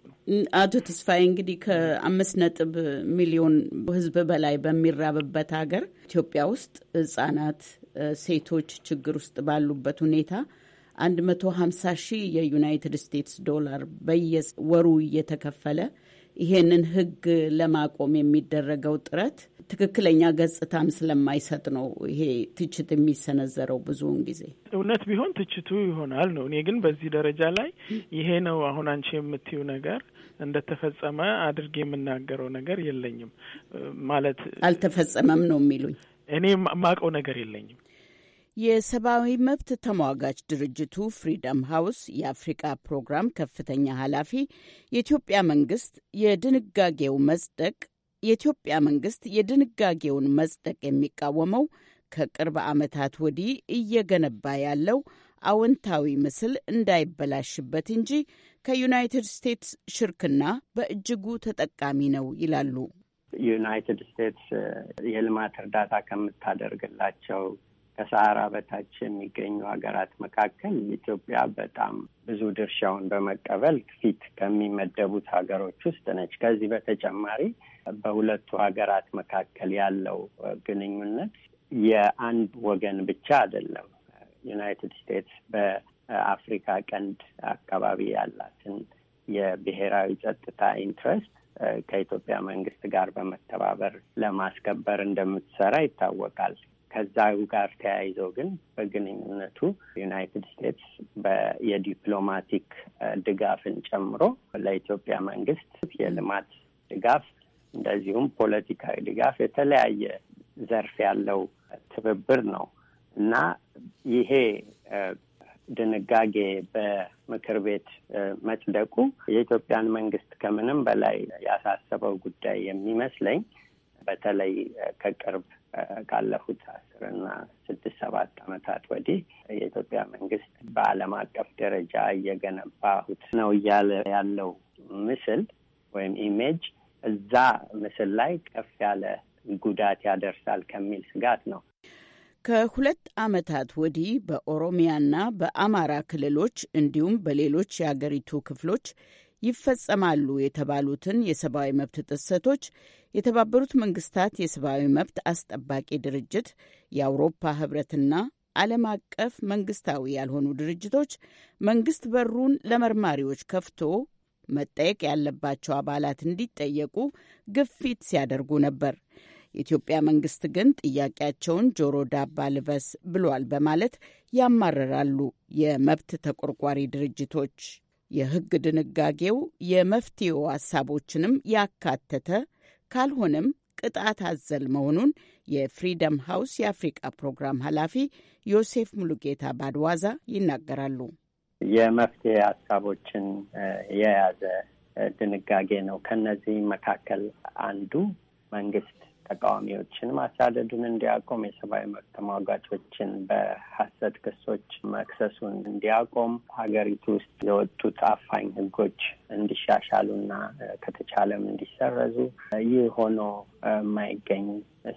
አቶ ተስፋዬ እንግዲህ ከአምስት ነጥብ ሚሊዮን ህዝብ በላይ በሚራብበት ሀገር ኢትዮጵያ ውስጥ ህጻናት፣ ሴቶች ችግር ውስጥ ባሉበት ሁኔታ ሀምሳ ሺህ የዩናይትድ ስቴትስ ዶላር በየወሩ እየተከፈለ ይሄንን ህግ ለማቆም የሚደረገው ጥረት ትክክለኛ ገጽታም ስለማይሰጥ ነው ይሄ ትችት የሚሰነዘረው ብዙውን ጊዜ። እውነት ቢሆን ትችቱ ይሆናል ነው። እኔ ግን በዚህ ደረጃ ላይ ይሄ ነው አሁን አንቺ የምትዩ ነገር እንደተፈጸመ አድርጌ የምናገረው ነገር የለኝም። ማለት አልተፈጸመም ነው የሚሉኝ። እኔ ማቀው ነገር የለኝም። የሰብአዊ መብት ተሟጋች ድርጅቱ ፍሪደም ሃውስ የአፍሪቃ ፕሮግራም ከፍተኛ ኃላፊ የኢትዮጵያ መንግስት የድንጋጌው መጽደቅ የኢትዮጵያ መንግስት የድንጋጌውን መጽደቅ የሚቃወመው ከቅርብ ዓመታት ወዲህ እየገነባ ያለው አዎንታዊ ምስል እንዳይበላሽበት እንጂ ከዩናይትድ ስቴትስ ሽርክና በእጅጉ ተጠቃሚ ነው ይላሉ። ዩናይትድ ስቴትስ የልማት እርዳታ ከምታደርግላቸው ከሰሃራ በታች የሚገኙ ሀገራት መካከል ኢትዮጵያ በጣም ብዙ ድርሻውን በመቀበል ፊት ከሚመደቡት ሀገሮች ውስጥ ነች። ከዚህ በተጨማሪ በሁለቱ ሀገራት መካከል ያለው ግንኙነት የአንድ ወገን ብቻ አይደለም። ዩናይትድ ስቴትስ በአፍሪካ ቀንድ አካባቢ ያላትን የብሔራዊ ጸጥታ ኢንትረስት ከኢትዮጵያ መንግስት ጋር በመተባበር ለማስከበር እንደምትሰራ ይታወቃል። ከዛ ጋር ተያይዞ ግን በግንኙነቱ ዩናይትድ ስቴትስ የዲፕሎማቲክ ድጋፍን ጨምሮ ለኢትዮጵያ መንግስት የልማት ድጋፍ እንደዚሁም ፖለቲካዊ ድጋፍ የተለያየ ዘርፍ ያለው ትብብር ነው እና ይሄ ድንጋጌ በምክር ቤት መጽደቁ የኢትዮጵያን መንግስት ከምንም በላይ ያሳሰበው ጉዳይ የሚመስለኝ በተለይ ከቅርብ ካለፉት አስርና ስድስት ሰባት አመታት ወዲህ የኢትዮጵያ መንግስት በዓለም አቀፍ ደረጃ እየገነባሁት ነው እያለ ያለው ምስል ወይም ኢሜጅ እዛ ምስል ላይ ከፍ ያለ ጉዳት ያደርሳል ከሚል ስጋት ነው። ከሁለት አመታት ወዲህ በኦሮሚያና በአማራ ክልሎች እንዲሁም በሌሎች የአገሪቱ ክፍሎች ይፈጸማሉ የተባሉትን የሰብአዊ መብት ጥሰቶች የተባበሩት መንግስታት የሰብአዊ መብት አስጠባቂ ድርጅት የአውሮፓ ህብረትና ዓለም አቀፍ መንግስታዊ ያልሆኑ ድርጅቶች መንግስት በሩን ለመርማሪዎች ከፍቶ መጠየቅ ያለባቸው አባላት እንዲጠየቁ ግፊት ሲያደርጉ ነበር። የኢትዮጵያ መንግስት ግን ጥያቄያቸውን ጆሮ ዳባ ልበስ ብሏል በማለት ያማረራሉ የመብት ተቆርቋሪ ድርጅቶች። የሕግ ድንጋጌው የመፍትሄው ሀሳቦችንም ያካተተ ካልሆነም ቅጣት አዘል መሆኑን የፍሪደም ሃውስ የአፍሪቃ ፕሮግራም ኃላፊ ዮሴፍ ሙሉጌታ ባድዋዛ ይናገራሉ። የመፍትሄ ሀሳቦችን የያዘ ድንጋጌ ነው። ከነዚህ መካከል አንዱ መንግስት ተቃዋሚዎችን ማሳደዱን እንዲያቆም፣ የሰብአዊ መብት ተሟጋቾችን በሀሰት ክሶች መክሰሱን እንዲያቆም፣ ሀገሪቱ ውስጥ የወጡት አፋኝ ህጎች እንዲሻሻሉና ከተቻለም እንዲሰረዙ። ይህ ሆኖ የማይገኝ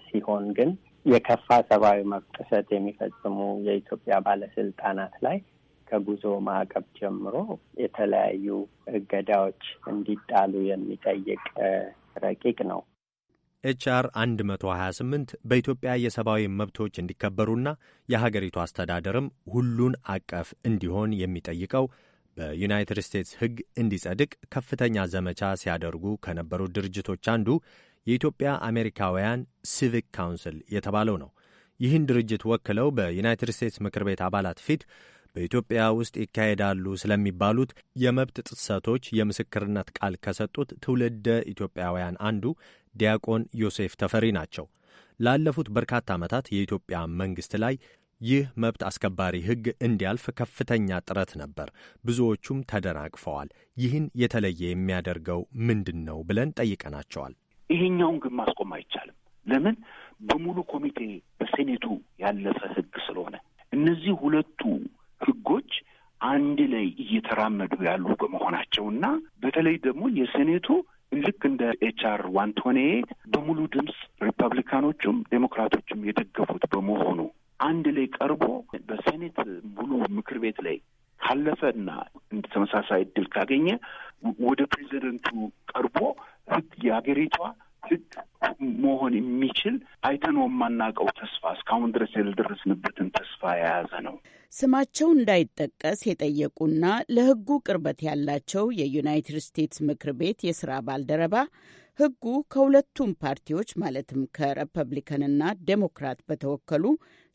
ሲሆን ግን የከፋ ሰብአዊ መብት ጥሰት የሚፈጽሙ የኢትዮጵያ ባለስልጣናት ላይ ከጉዞ ማዕቀብ ጀምሮ የተለያዩ እገዳዎች እንዲጣሉ የሚጠይቅ ረቂቅ ነው ኤችአር 128 በኢትዮጵያ የሰብአዊ መብቶች እንዲከበሩና የሀገሪቱ አስተዳደርም ሁሉን አቀፍ እንዲሆን የሚጠይቀው በዩናይትድ ስቴትስ ሕግ እንዲጸድቅ ከፍተኛ ዘመቻ ሲያደርጉ ከነበሩት ድርጅቶች አንዱ የኢትዮጵያ አሜሪካውያን ሲቪክ ካውንስል የተባለው ነው። ይህን ድርጅት ወክለው በዩናይትድ ስቴትስ ምክር ቤት አባላት ፊት በኢትዮጵያ ውስጥ ይካሄዳሉ ስለሚባሉት የመብት ጥሰቶች የምስክርነት ቃል ከሰጡት ትውልደ ኢትዮጵያውያን አንዱ ዲያቆን ዮሴፍ ተፈሪ ናቸው። ላለፉት በርካታ ዓመታት የኢትዮጵያ መንግሥት ላይ ይህ መብት አስከባሪ ሕግ እንዲያልፍ ከፍተኛ ጥረት ነበር። ብዙዎቹም ተደናቅፈዋል። ይህን የተለየ የሚያደርገው ምንድን ነው ብለን ጠይቀናቸዋል። ይሄኛውን ግን ማስቆም አይቻልም። ለምን? በሙሉ ኮሚቴ በሴኔቱ ያለፈ ሕግ ስለሆነ እነዚህ ሁለቱ ሕጎች አንድ ላይ እየተራመዱ ያሉ በመሆናቸውና በተለይ ደግሞ የሴኔቱ ልክ እንደ ኤች አር ዋን ቶኔ በሙሉ ድምፅ ሪፐብሊካኖቹም ዴሞክራቶችም የደገፉት በመሆኑ አንድ ላይ ቀርቦ በሴኔት ሙሉ ምክር ቤት ላይ ካለፈና እንደ ተመሳሳይ እድል ካገኘ ወደ ፕሬዚደንቱ ቀርቦ ህግ የሀገሪቷ መሆን የሚችል አይተን የማናውቀው ተስፋ እስካሁን ድረስ ያልደረስንበትን ተስፋ የያዘ ነው። ስማቸው እንዳይጠቀስ የጠየቁና ለህጉ ቅርበት ያላቸው የዩናይትድ ስቴትስ ምክር ቤት የስራ ባልደረባ ህጉ ከሁለቱም ፓርቲዎች ማለትም ከሪፐብሊካንና ዴሞክራት በተወከሉ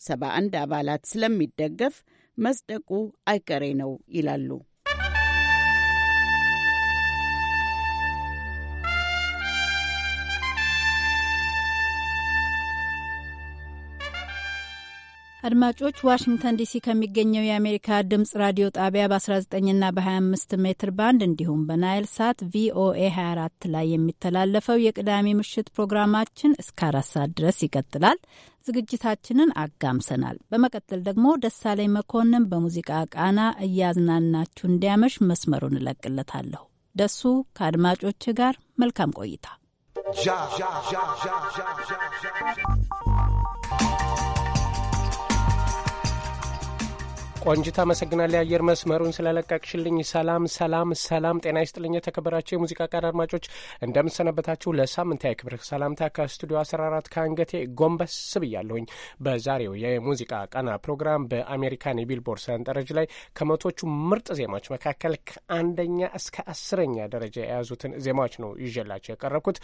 ሰባ አንድ አባላት ስለሚደገፍ መጽደቁ አይቀሬ ነው ይላሉ። አድማጮች ዋሽንግተን ዲሲ ከሚገኘው የአሜሪካ ድምጽ ራዲዮ ጣቢያ በ19ና በ25 ሜትር ባንድ እንዲሁም በናይል ሳት ቪኦኤ 24 ላይ የሚተላለፈው የቅዳሜ ምሽት ፕሮግራማችን እስከ አራት ሰዓት ድረስ ይቀጥላል። ዝግጅታችንን አጋምሰናል። በመቀጠል ደግሞ ደሳለኝ መኮንን በሙዚቃ ቃና እያዝናናችሁ እንዲያመሽ መስመሩን እለቅለታለሁ። ደሱ ከአድማጮች ጋር መልካም ቆይታ። ቆንጅት አመሰግናለሁ። የአየር መስመሩን ስለለቀቅሽልኝ። ሰላም ሰላም ሰላም፣ ጤና ይስጥልኝ። የተከበራቸው የሙዚቃ ቃን አድማጮች እንደምሰነበታችሁ። ለሳምንታዊ ክብር ሰላምታ ከስቱዲዮ 14 ከአንገቴ ጎንበስ ብያለሁኝ። በዛሬው የሙዚቃ ቀና ፕሮግራም በአሜሪካን የቢልቦርድ ሰንጠረዥ ላይ ከመቶቹ ምርጥ ዜማዎች መካከል ከአንደኛ እስከ አስረኛ ደረጃ የያዙትን ዜማዎች ነው ይዤላቸው የቀረብኩት።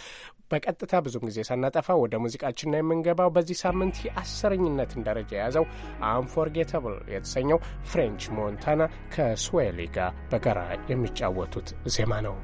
በቀጥታ ብዙም ጊዜ ሳናጠፋ ወደ ሙዚቃችን የምንገባው። በዚህ ሳምንት የአስረኝነትን ደረጃ የያዘው አንፎርጌተብል የተሰኘው ፍሬንች ሞንታና ከስዌሊ ጋር በጋራ የሚጫወቱት ዜማ ነው።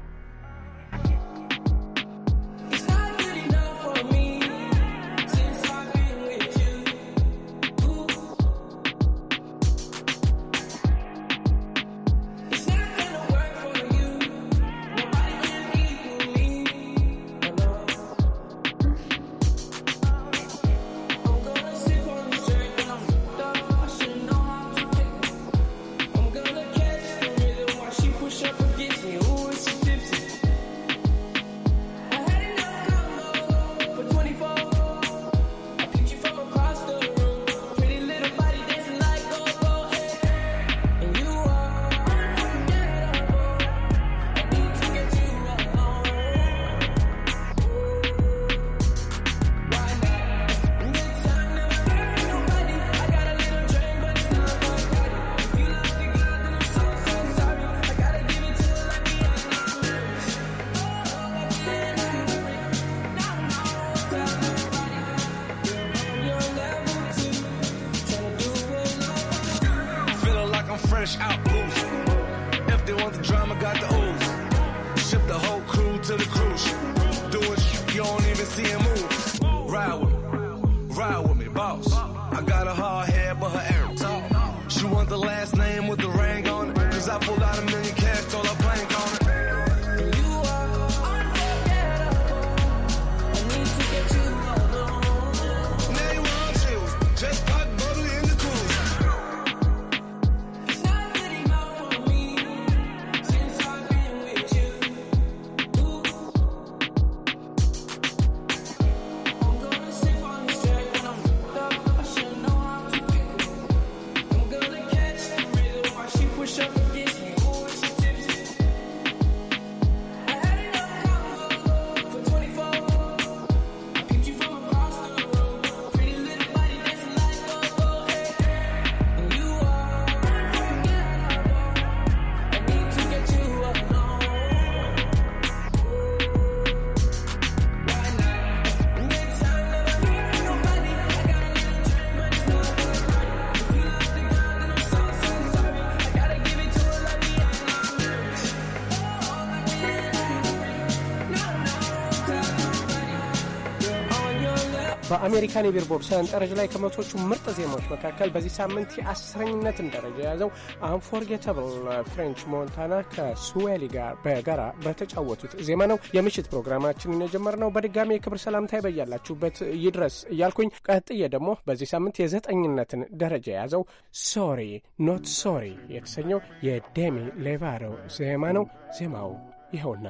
በአሜሪካን የቢልቦርድ ሰንጠረዥ ላይ ከመቶቹ ምርጥ ዜማዎች መካከል በዚህ ሳምንት የአስረኝነትን ደረጃ የያዘው አንፎርጌተብል ፍሬንች ሞንታና ከሱዌሊ ጋር በጋራ በተጫወቱት ዜማ ነው የምሽት ፕሮግራማችንን የጀመርነው። በድጋሚ የክብር ሰላምታ ይበያላችሁበት ይድረስ እያልኩኝ ቀጥዬ ደግሞ በዚህ ሳምንት የዘጠኝነትን ደረጃ የያዘው ሶሪ ኖት ሶሪ የተሰኘው የዴሚ ሌቫሮ ዜማ ነው። ዜማው ይኸውና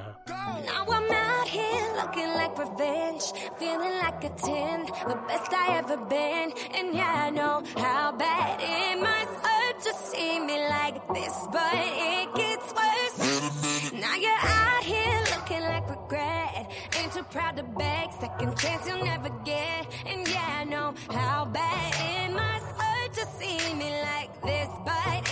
here looking like revenge, feeling like a 10, the best I ever been. And yeah, I know how bad it must hurt to see me like this, but it gets worse. Now you're out here looking like regret, ain't too proud to beg, second chance you'll never get. And yeah, I know how bad it must hurt to see me like this, but it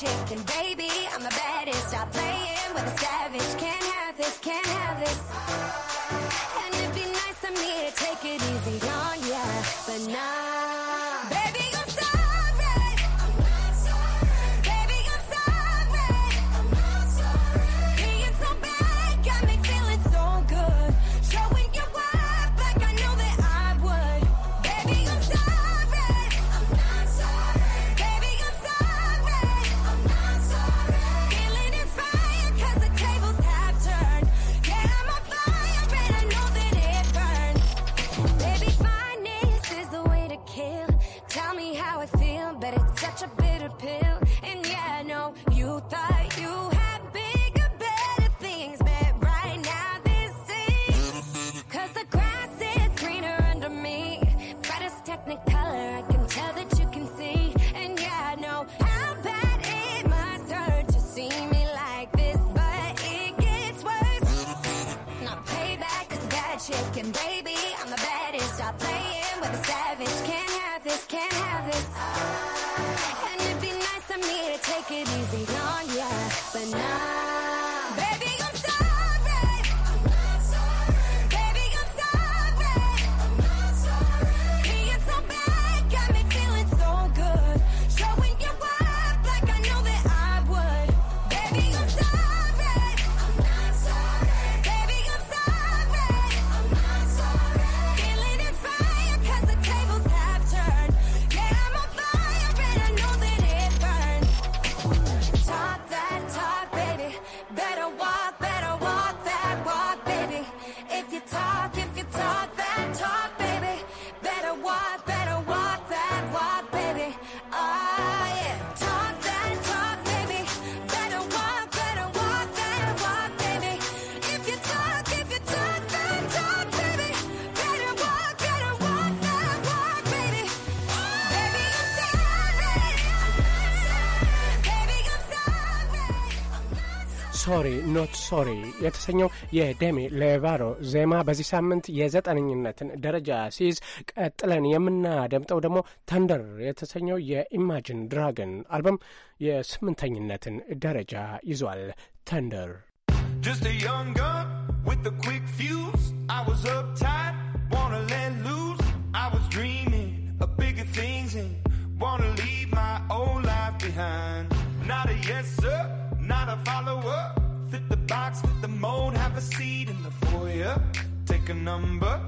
chicken, baby. I'm the baddest. Stop playing with a savage. Can't have this, can't have this. ሶሪ ኖት ሶሪ የተሰኘው የዴሚ ሌቫሮ ዜማ በዚህ ሳምንት የዘጠነኝነትን ደረጃ ሲይዝ፣ ቀጥለን የምናደምጠው ደግሞ ተንደር የተሰኘው የኢማጂን ድራገን አልበም የስምንተኝነትን ደረጃ ይዟል። ተንደር Wanna leave my old life behind? Not a yes, sir. not a follower. Fit the box, fit the mold, have a seat in the foyer. Take a number.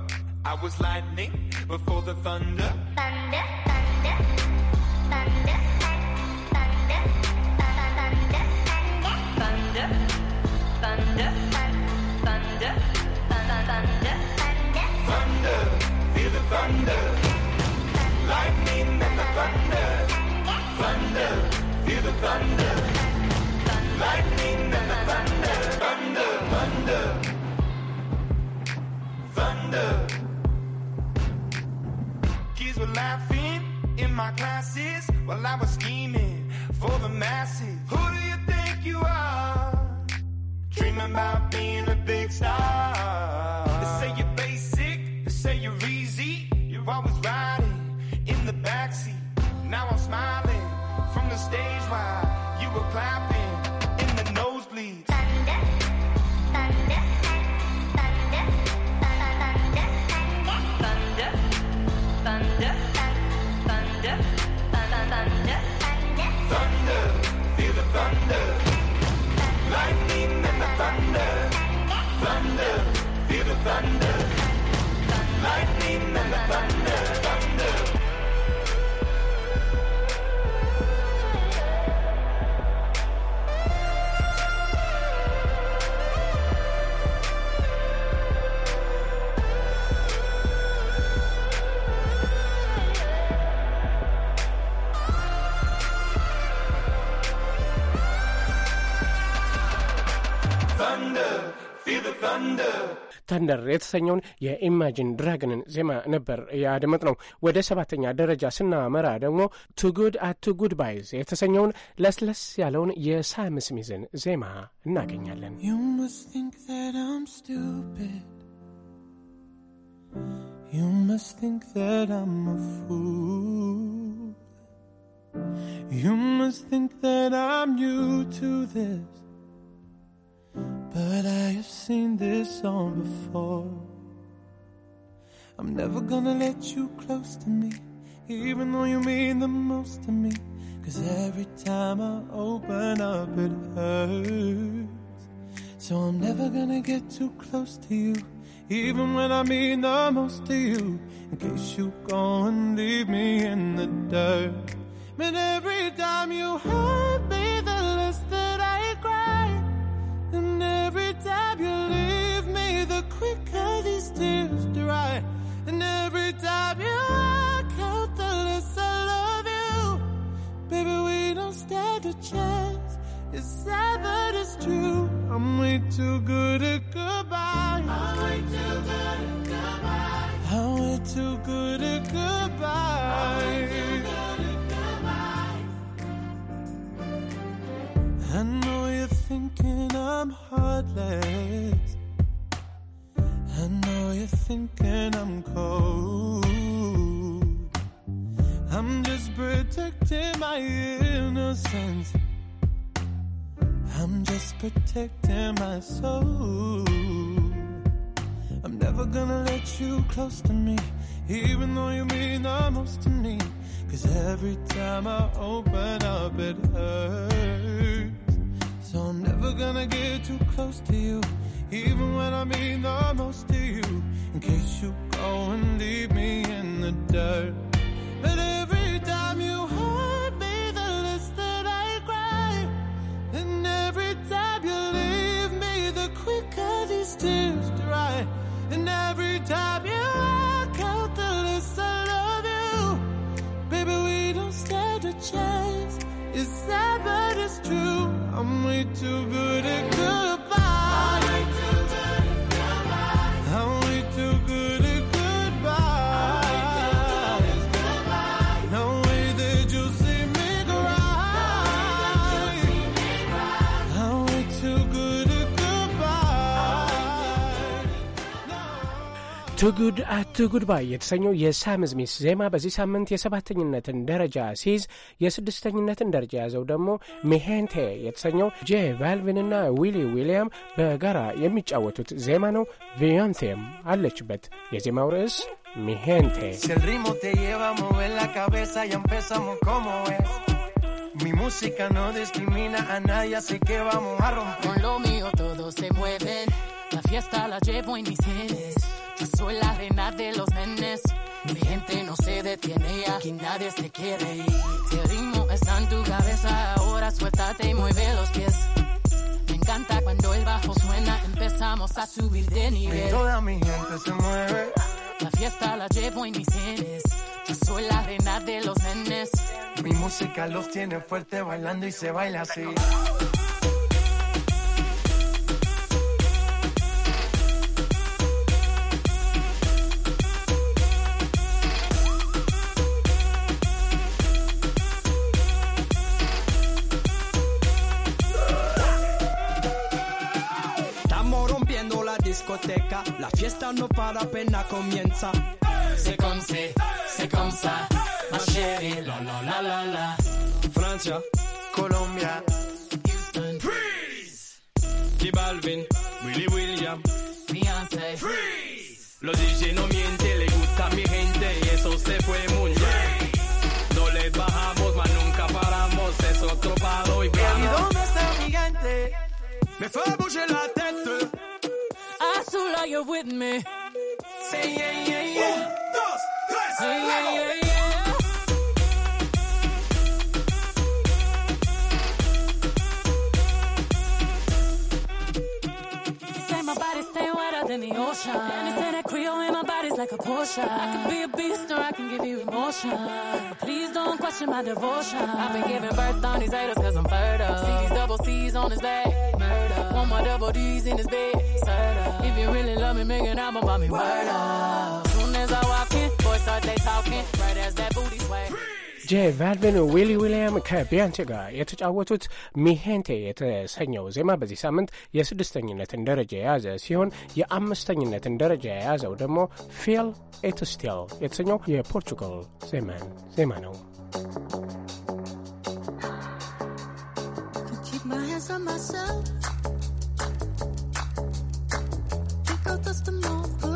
I was lightning before the thunder. Thunder, thunder, thunder, thunder, thunder, thunder, thunder, thunder, thunder, thunder, thunder, feel the thunder. Lightning and the thunder, thunder, feel the thunder lightning and the thunder, thunder, thunder, thunder. Kids were laughing in my classes while I was scheming for the masses. Who do you think you are? Dreaming about being a big star. They say you're basic, they say you're easy. You're always riding in the backseat. Now I'm smiling from the stage while you were clapping. ወንደር የተሰኘውን የኢማጂን ድራግንን ዜማ ነበር ያደመጥ ነው። ወደ ሰባተኛ ደረጃ ስናመራ ደግሞ ቱጉድ አቱ ጉድ ባይዝ የተሰኘውን ለስለስ ያለውን የሳም ስሚዝን ዜማ እናገኛለን። You must think that I'm a fool. You must think that I'm new to this. But I have seen this song before. I'm never gonna let you close to me, even though you mean the most to me. Cause every time I open up, it hurts. So I'm never gonna get too close to you, even when I mean the most to you. In case you go and leave me in the dirt. But every time you hurt me, the less that I cry. And every time you leave me, the quicker these tears dry. And every time you walk out, the less I love you. Baby, we don't stand a chance. It's sad, but it's true. I'm way too good at goodbye. I'm way too good at goodbye. I'm way too good at goodbye. I'm heartless. I know you're thinking I'm cold. I'm just protecting my innocence. I'm just protecting my soul. I'm never gonna let you close to me, even though you mean the most to me. Cause every time I open up, it hurts. So I'm never gonna get too close to you, even when I mean the most to you. In case you go and leave me in the dirt. But every time you hurt me, the less that I cry. And every time you leave me, the quicker these tears dry. And every time you walk out, the less I love you. Baby, we don't stand a chance. It's sad, but it's true. I'm way too good at good. ቱጉድ አቱጉድ ባይ የተሰኘው የሳም ስሚስ ዜማ በዚህ ሳምንት የሰባተኝነትን ደረጃ ሲይዝ የስድስተኝነትን ደረጃ የያዘው ደግሞ ሚሄንቴ የተሰኘው ጄ ቫልቪንና ዊሊ ዊሊያም በጋራ የሚጫወቱት ዜማ ነው። ቪዮንቴም አለችበት። የዜማው ርዕስ ሚሄንቴ Mi música no discrimina a nadie, así que vamos a romper. Con lo mío todos se mueven, la fiesta la llevo en mis genes. soy la reina de los nenes. Mi gente no se detiene, aquí nadie se quiere ir. Si el ritmo está en tu cabeza, ahora suéltate y mueve los pies. Me encanta cuando el bajo suena, empezamos a subir de nivel. toda mi gente se mueve. La fiesta la llevo en mis genes. Yo soy la reina de los nenes. Mi música los tiene fuerte bailando y se baila así. La fiesta no para pena comienza. Se comme se c'est comme ma chérie, la la la la Francia, Colombia, Houston, Freeze. Kim Balvin, Willy William, Beyonce, Freeze. Los DJ no miente, le gusta mi gente y eso se fue muy No les bajamos, mas nunca paramos, es tropado y vamos. ¿Y dónde está el gigante? Me fue are you with me? Say yeah, yeah, yeah. Un, dos, tres, hey, yeah, yeah, yeah. in the ocean. And they say that Creole in my body's like a potion. I can be a beast or I can give you emotion. Please don't question my devotion. I've been giving birth on these haters cause I'm fertile. double C's on his back. Murder. Want my double D's in his bed. Murder. If you really love me, make an album about me. Word up. Soon as I walk in, boys start they talking. Right as that booty sway. ጄ ቫልቨን ዊሊ ዊሊያም ከቢያንቺ ጋር የተጫወቱት ሚሄንቴ የተሰኘው ዜማ በዚህ ሳምንት የስድስተኝነትን ደረጃ የያዘ ሲሆን የአምስተኝነትን ደረጃ የያዘው ደግሞ ፊል ኢት የተሰኘው የፖርቹጋል ዜማን ዜማ ነው። on myself. Pick out the more.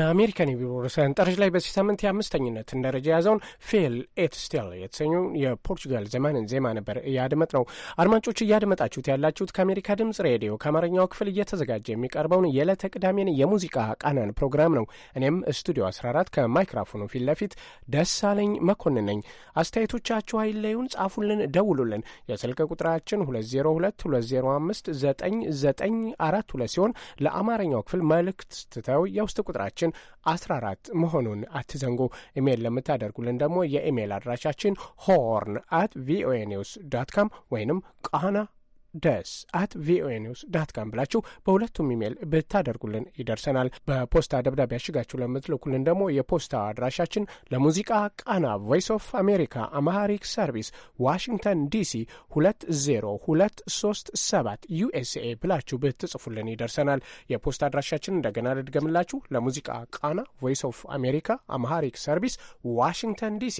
በአሜሪካን የቢሮ ሰንጠረዥ ላይ በዚህ ሳምንት የአምስተኝነትን ደረጃ የያዘውን ፌል ኤትስቴል የተሰኘውን የተሰኙ የፖርቹጋል ዘማንን ዜማ ነበር እያደመጥ ነው። አድማጮች እያደመጣችሁት ያላችሁት ከአሜሪካ ድምጽ ሬዲዮ ከአማርኛው ክፍል እየተዘጋጀ የሚቀርበውን የዕለተ ቅዳሜን የሙዚቃ ቃናን ፕሮግራም ነው። እኔም ስቱዲዮ 14 ከማይክራፎኑ ፊት ለፊት ደሳለኝ መኮንን ነኝ። አስተያየቶቻችሁ አይለዩን፣ ጻፉልን፣ ደውሉልን። የስልክ ቁጥራችን 2022059942 ሲሆን ለአማርኛው ክፍል መልእክት ስትተው የውስጥ ቁጥራችን 14 አት መሆኑን አትዘንጉ። ኢሜይል ለምታደርጉልን ደግሞ የኢሜይል አድራሻችን ሆርን አት ቪኦኤ ኒውስ ዳት ካም ወይንም ቃና ደስ አት ቪኦኤ ኒውስ ዳት ካም ብላችሁ በሁለቱም ኢሜይል ብታደርጉልን ይደርሰናል። በፖስታ ደብዳቤ ያሽጋችሁ ለምትልኩልን ደግሞ የፖስታ አድራሻችን ለሙዚቃ ቃና ቮይስ ኦፍ አሜሪካ አማሃሪክ ሰርቪስ ዋሽንግተን ዲሲ ሰባት ዩኤስኤ ብላችሁ ብትጽፉልን ይደርሰናል። የፖስታ አድራሻችን እንደገና ልድገምላችሁ። ለሙዚቃ ቃና ቮይስ ኦፍ አሜሪካ አማሃሪክ ሰርቪስ ዋሽንግተን ዲሲ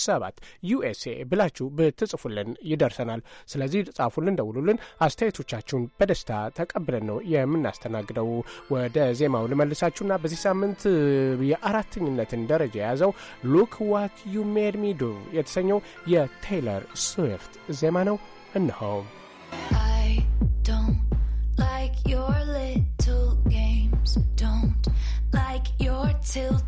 ሰባት ዩኤስኤ ብላችሁ ብትጽፉልን ይደርሰናል። ስለዚህ ጻፉልን፣ ደውሉልን። አስተያየቶቻችሁን በደስታ ተቀብለን ነው የምናስተናግደው። ወደ ዜማው ልመልሳችሁና በዚህ ሳምንት የአራተኝነትን ደረጃ የያዘው ሉክ ዋት ዩ ሜድ ሚ ዱ የተሰኘው የቴይለር ስዊፍት ዜማ ነው። እነሆ Like your little games, don't like your tilt.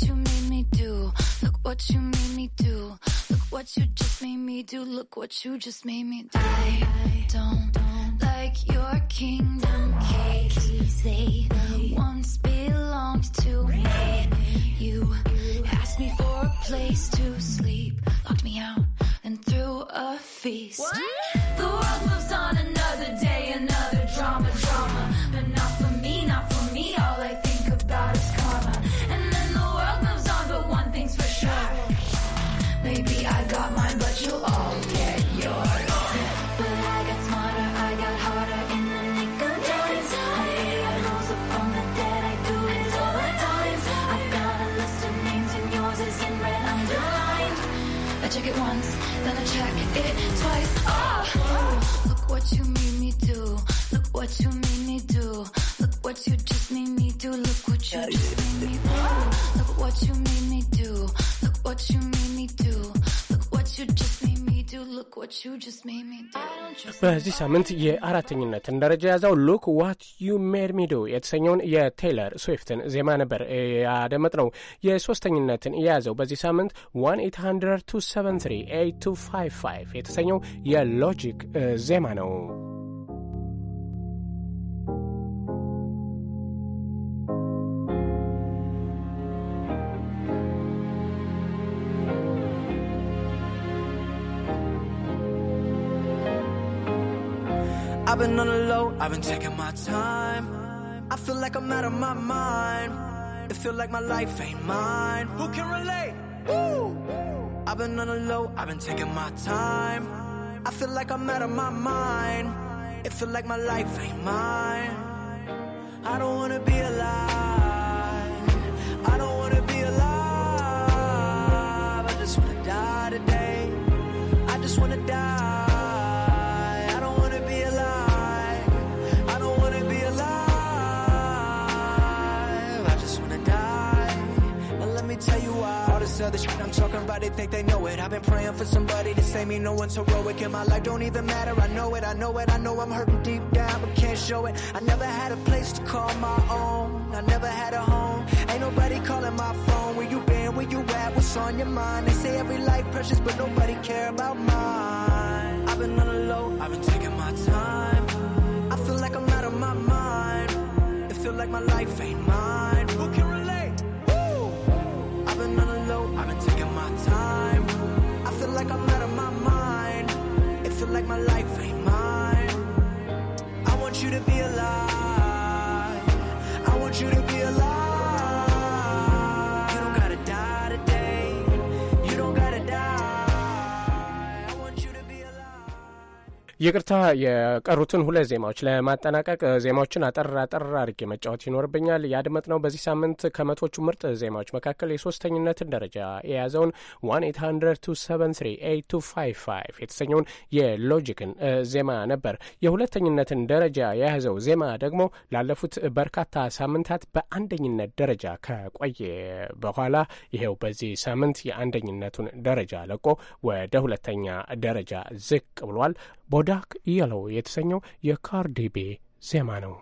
what you made me do. Look what you made me do. Look what you just made me do. Look what you just made me do. I don't, like your kingdom keys. They once belonged to me. You asked me for a place to sleep, locked me out, and threw a feast. What? The world moves on another day, another drama, drama. got mine, but you all get yours. But I got smarter, I got harder in the I a the dead, I do it the I got a list of names and yours is in red underlined. I check it once, then I check it twice. Oh, oh. look what you made me do. Look what you made me do. Look what you just made me do. Look what you just made me do. Look what you made me do. Look what you made me do በዚህ ሳምንት የአራተኝነትን ደረጃ የያዘው ሉክ ዋት ዩ ሜድ ሚ ዱ የተሰኘውን የቴይለር ስዊፍትን ዜማ ነበር ያደመጥ ነው። የሶስተኝነትን የያዘው በዚህ ሳምንት 1 273 8255 የተሰኘው የሎጂክ ዜማ ነው። I've been on the low, I've been taking my time. I feel like I'm out of my mind. It feel like my life ain't mine. Who can relate? Woo! I've been on the low, I've been taking my time. I feel like I'm out of my mind. It feel like my life ain't mine. I don't wanna be alive. I don't wanna be alive. I just wanna die today. I just wanna die. other shit I'm talking about, they think they know it. I've been praying for somebody to save me, no one's heroic. And my life don't even matter, I know it, I know it, I know I'm hurting deep down, but can't show it. I never had a place to call my own, I never had a home. Ain't nobody calling my phone, where you been, where you at, what's on your mind? They say every life precious, but nobody care about mine. I've been on a low, I've been taking my time. I feel like I'm out of my mind, it feel like my life ain't mine. like my life ain't mine. I want you to be alive. ይቅርታ የቀሩትን ሁለት ዜማዎች ለማጠናቀቅ ዜማዎችን አጠር አጠር አድርጌ መጫወት ይኖርብኛል። ነው በዚህ ሳምንት ከመቶቹ ምርጥ ዜማዎች መካከል የሶስተኝነትን ደረጃ የያዘውን 1 የተሰኘውን የሎጂክን ዜማ ነበር። የሁለተኝነትን ደረጃ የያዘው ዜማ ደግሞ ላለፉት በርካታ ሳምንታት በአንደኝነት ደረጃ ከቆየ በኋላ ይሄው በዚህ ሳምንት የአንደኝነቱን ደረጃ ለቆ ወደ ሁለተኛ ደረጃ ዝቅ ብሏል። ቦዳክ የለው የተሰኘው የካርዲቢ ዜማ ነው።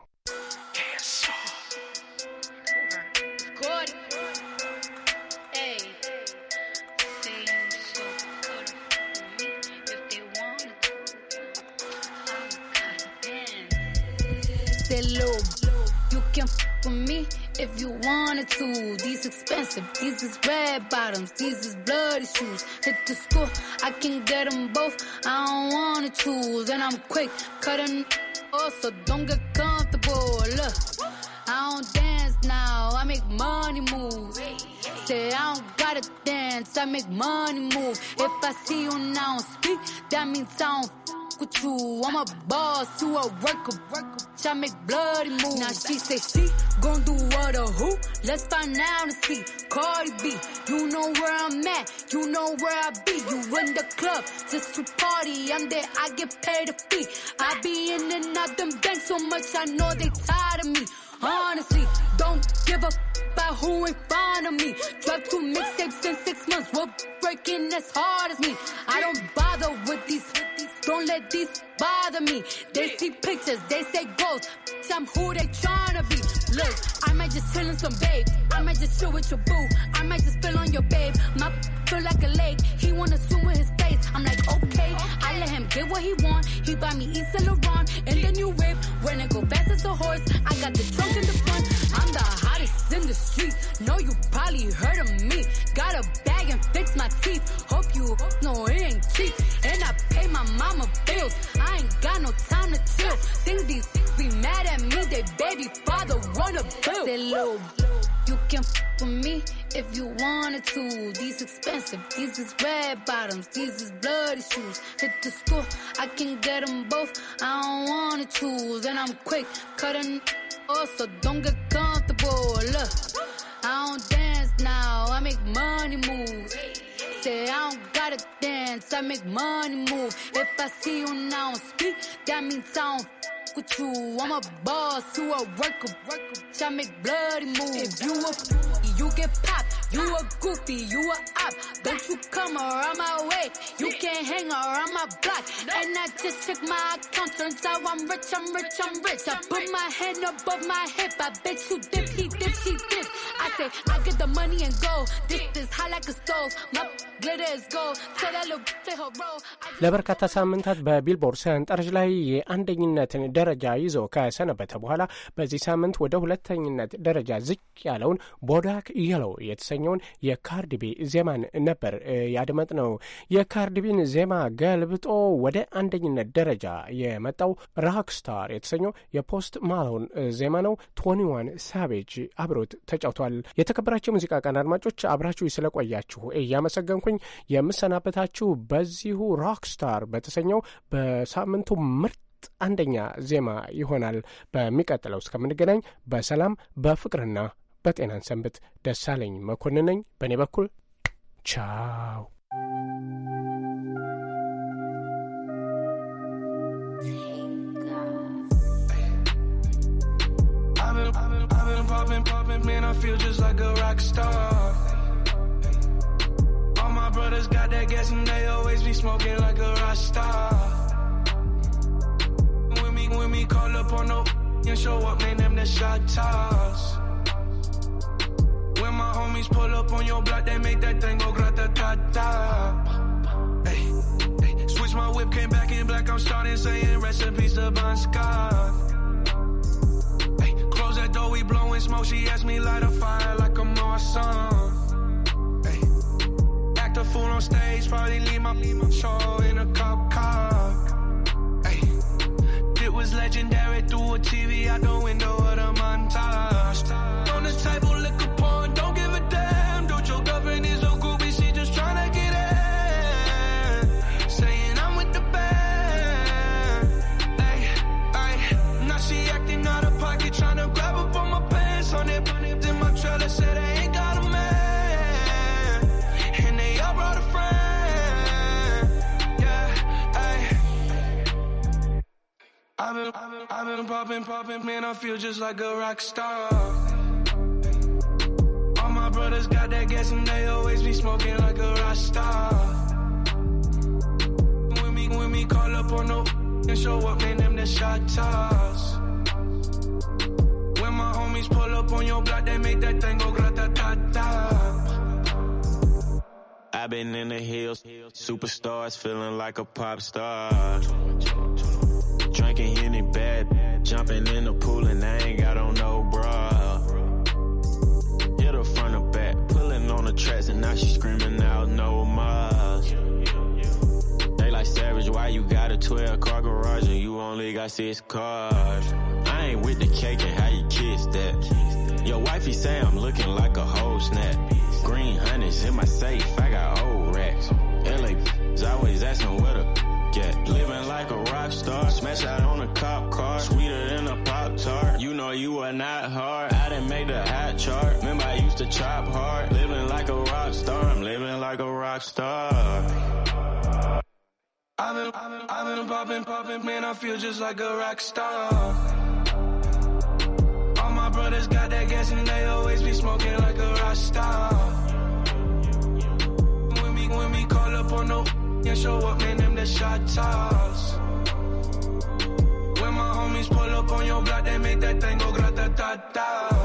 me if you wanted to. These expensive, these is red bottoms, these is bloody shoes. Hit the school, I can get them both. I don't wanna choose, and I'm quick cutting off, so don't get comfortable. Look, I don't dance now, I make money move. Say I don't gotta dance, I make money move. If I see you now speak, that means I don't with you. I'm a boss, you a worker. I make bloody moves. Now she say she gon' do what or who? Let's find out and see. Cardi B, you know where I'm at, you know where I be. You in the club just to party. I'm there, I get paid a fee. I be in and out them banks so much, I know they tired of me. Honestly, don't give a about who in front of me. Drop two mixtapes in six months. We're breaking as hard as me. I don't bother with these don't let these bother me. They see pictures, they say ghosts. I'm who they tryna be. Look, I might just chill in some babe. I might just chill with your boo. I might just spill on your babe. My feel like a lake. He wanna swim with his face. I'm like, okay let him get what he want. He buy me East and Lebron and the new whip. When it go fast as a horse, I got the trunk in the front. I'm the hottest in the street. Know you probably heard of me. Got a bag and fix my teeth. Hope you know it ain't cheap. And I pay my mama bills. I ain't got no time to chill. Think these things be mad at me. They baby father wanna bill. Say, little, you can fuck with me if you wanted to. These expensive, these is red bottoms, these is bloody shoes. Hit the store, I can get them both. I don't wanna choose, and I'm quick cutting off, so don't get comfortable. Look, I don't dance now, I make money moves. Say I don't gotta dance, I make money move. If I see you now speak, that means I don't fuck with you. I'm a boss who a worker. I make bloody moves. If you a you get popped. You a goofy, you a op. Don't you come around my way. You can't hang around my block. And I just check my account. Turns out I'm rich, I'm rich, I'm rich. I put my hand above my hip. I bet you dip, he dip, she dip. I say, I get the money and go. This is high like a stove. My glitter is gold. Tell that little play her bro. ለበርካታ ሳምንታት በቢልቦርድ ሰንጠረዥ ላይ የአንደኝነትን ደረጃ ይዞ ከሰነበተ በኋላ በዚህ ሳምንት ወደ ሁለተኝነት ደረጃ ዝቅ ያለውን ቦዳክ የለው የተሰኘ የተሰኘውን የካርዲቢ ዜማን ነበር ያድመጥ ነው። የካርዲቢን ዜማ ገልብጦ ወደ አንደኝነት ደረጃ የመጣው ራክስታር የተሰኘው የፖስት ማሎን ዜማ ነው። ቶኒዋን ሳቤጅ አብሮት ተጫውቷል። የተከበራቸው የሙዚቃ ቀን አድማጮች አብራችሁ ስለቆያችሁ እያመሰገንኩኝ የምሰናበታችሁ በዚሁ ሮክስታር በተሰኘው በሳምንቱ ምርጥ አንደኛ ዜማ ይሆናል። በሚቀጥለው እስከምንገናኝ በሰላም በፍቅርና በጤናን ሰንብት። ደሳለኝ መኮንን ነኝ። በእኔ በኩል ቻው። Man, I feel just like a rock star. All my brothers got that gas and they always be smoking like a rock star. When when call up on no and show up, man, them the shot toss when my homies pull up on your block, they make that thing go grata-ta-ta. Hey, hey. Switch my whip, came back in black, I'm starting saying recipes to Bon Scott. Hey, close that door, we blowing smoke, she asked me light a fire like a am awesome. Hey, act a fool on stage, probably leave my show in a cop car. it was legendary, through a TV out the window of the montage. On the table, look I've been, I've been popping, popping, man, I feel just like a rock star. All my brothers got that gas and they always be smoking like a rock star. When me, when me call up on no and show up, man, them the shot toss. When my homies pull up on your block, they make that thing go grata ta ta. I've been in the hills, superstars feeling like a pop star. Drinking any bad, jumping in the pool and I ain't got on no bra. Hit her front or back, pulling on the tracks and now she screaming out no more. They like savage, why you got a 12 car garage and you only got six cars? I ain't with the cake and how you kiss that. Your wifey say I'm looking like a whole snap. Green honey's in my safe, I got old racks. LA always asking where the living like a rock star. Smash out on a cop car, sweeter than a pop tart. You know you are not hard. I didn't make the hot chart. Remember I used to chop hard, living like a rock star. I'm living like a rock star. I've been, I've been, I've been popping, popping, man. I feel just like a rock star All my brothers got that gas and they always be smoking like a rock star. When we, when we call up on no yeah, show up, man, them the shot toss. When my homies pull up on your block, they make that thing go grata-ta-ta.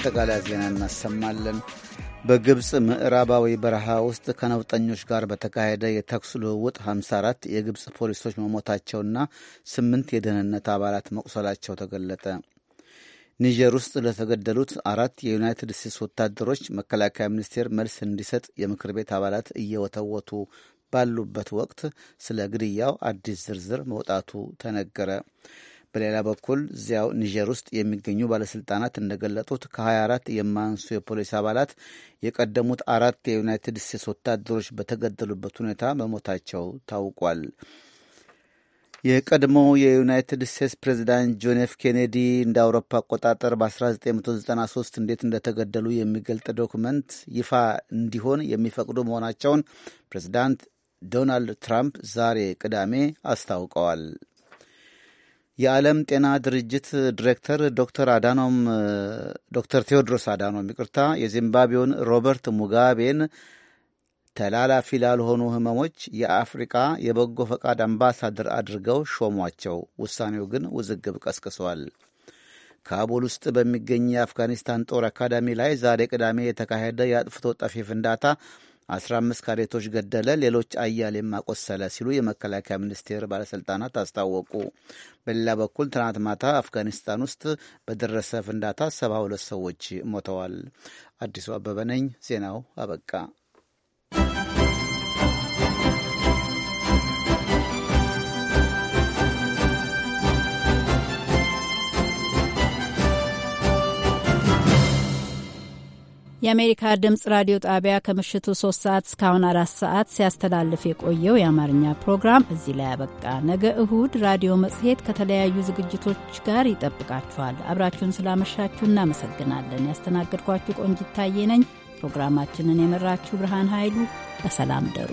አጠቃላይ ዜና እናሰማለን። በግብፅ ምዕራባዊ በረሃ ውስጥ ከነውጠኞች ጋር በተካሄደ የተኩስ ልውውጥ 54 የግብፅ ፖሊሶች መሞታቸውና ስምንት የደህንነት አባላት መቁሰላቸው ተገለጠ። ኒጀር ውስጥ ለተገደሉት አራት የዩናይትድ ስቴትስ ወታደሮች መከላከያ ሚኒስቴር መልስ እንዲሰጥ የምክር ቤት አባላት እየወተወቱ ባሉበት ወቅት ስለ ግድያው አዲስ ዝርዝር መውጣቱ ተነገረ። በሌላ በኩል እዚያው ኒጀር ውስጥ የሚገኙ ባለስልጣናት እንደገለጡት ከ24 የማያንሱ የፖሊስ አባላት የቀደሙት አራት የዩናይትድ ስቴትስ ወታደሮች በተገደሉበት ሁኔታ መሞታቸው ታውቋል። የቀድሞው የዩናይትድ ስቴትስ ፕሬዚዳንት ጆን ኤፍ ኬኔዲ እንደ አውሮፓ አቆጣጠር በ1993 እንዴት እንደተገደሉ የሚገልጥ ዶክመንት ይፋ እንዲሆን የሚፈቅዱ መሆናቸውን ፕሬዚዳንት ዶናልድ ትራምፕ ዛሬ ቅዳሜ አስታውቀዋል። የዓለም ጤና ድርጅት ዲሬክተር ዶክተር አዳኖም ዶክተር ቴዎድሮስ አዳኖም ይቅርታ የዚምባብዌውን ሮበርት ሙጋቤን ተላላፊ ላልሆኑ ህመሞች የአፍሪቃ የበጎ ፈቃድ አምባሳደር አድርገው ሾሟቸው። ውሳኔው ግን ውዝግብ ቀስቅሷል። ካቡል ውስጥ በሚገኝ የአፍጋኒስታን ጦር አካዳሚ ላይ ዛሬ ቅዳሜ የተካሄደ የአጥፍቶ ጠፊ ፍንዳታ 15 ካዴቶች ገደለ፣ ሌሎች አያሌም አቆሰለ ሲሉ የመከላከያ ሚኒስቴር ባለስልጣናት አስታወቁ። በሌላ በኩል ትናንት ማታ አፍጋኒስታን ውስጥ በደረሰ ፍንዳታ 72 ሰዎች ሞተዋል። አዲሱ አበበ ዜናው አበቃ። የአሜሪካ ድምፅ ራዲዮ ጣቢያ ከምሽቱ 3 ሰዓት እስካሁን አራት ሰዓት ሲያስተላልፍ የቆየው የአማርኛ ፕሮግራም እዚህ ላይ ያበቃ። ነገ እሁድ ራዲዮ መጽሔት ከተለያዩ ዝግጅቶች ጋር ይጠብቃችኋል። አብራችሁን ስላመሻችሁ እናመሰግናለን። ያስተናገድኳችሁ ቆንጂት ታዬ ነኝ። ፕሮግራማችንን የመራችሁ ብርሃን ኃይሉ። በሰላም ደሩ።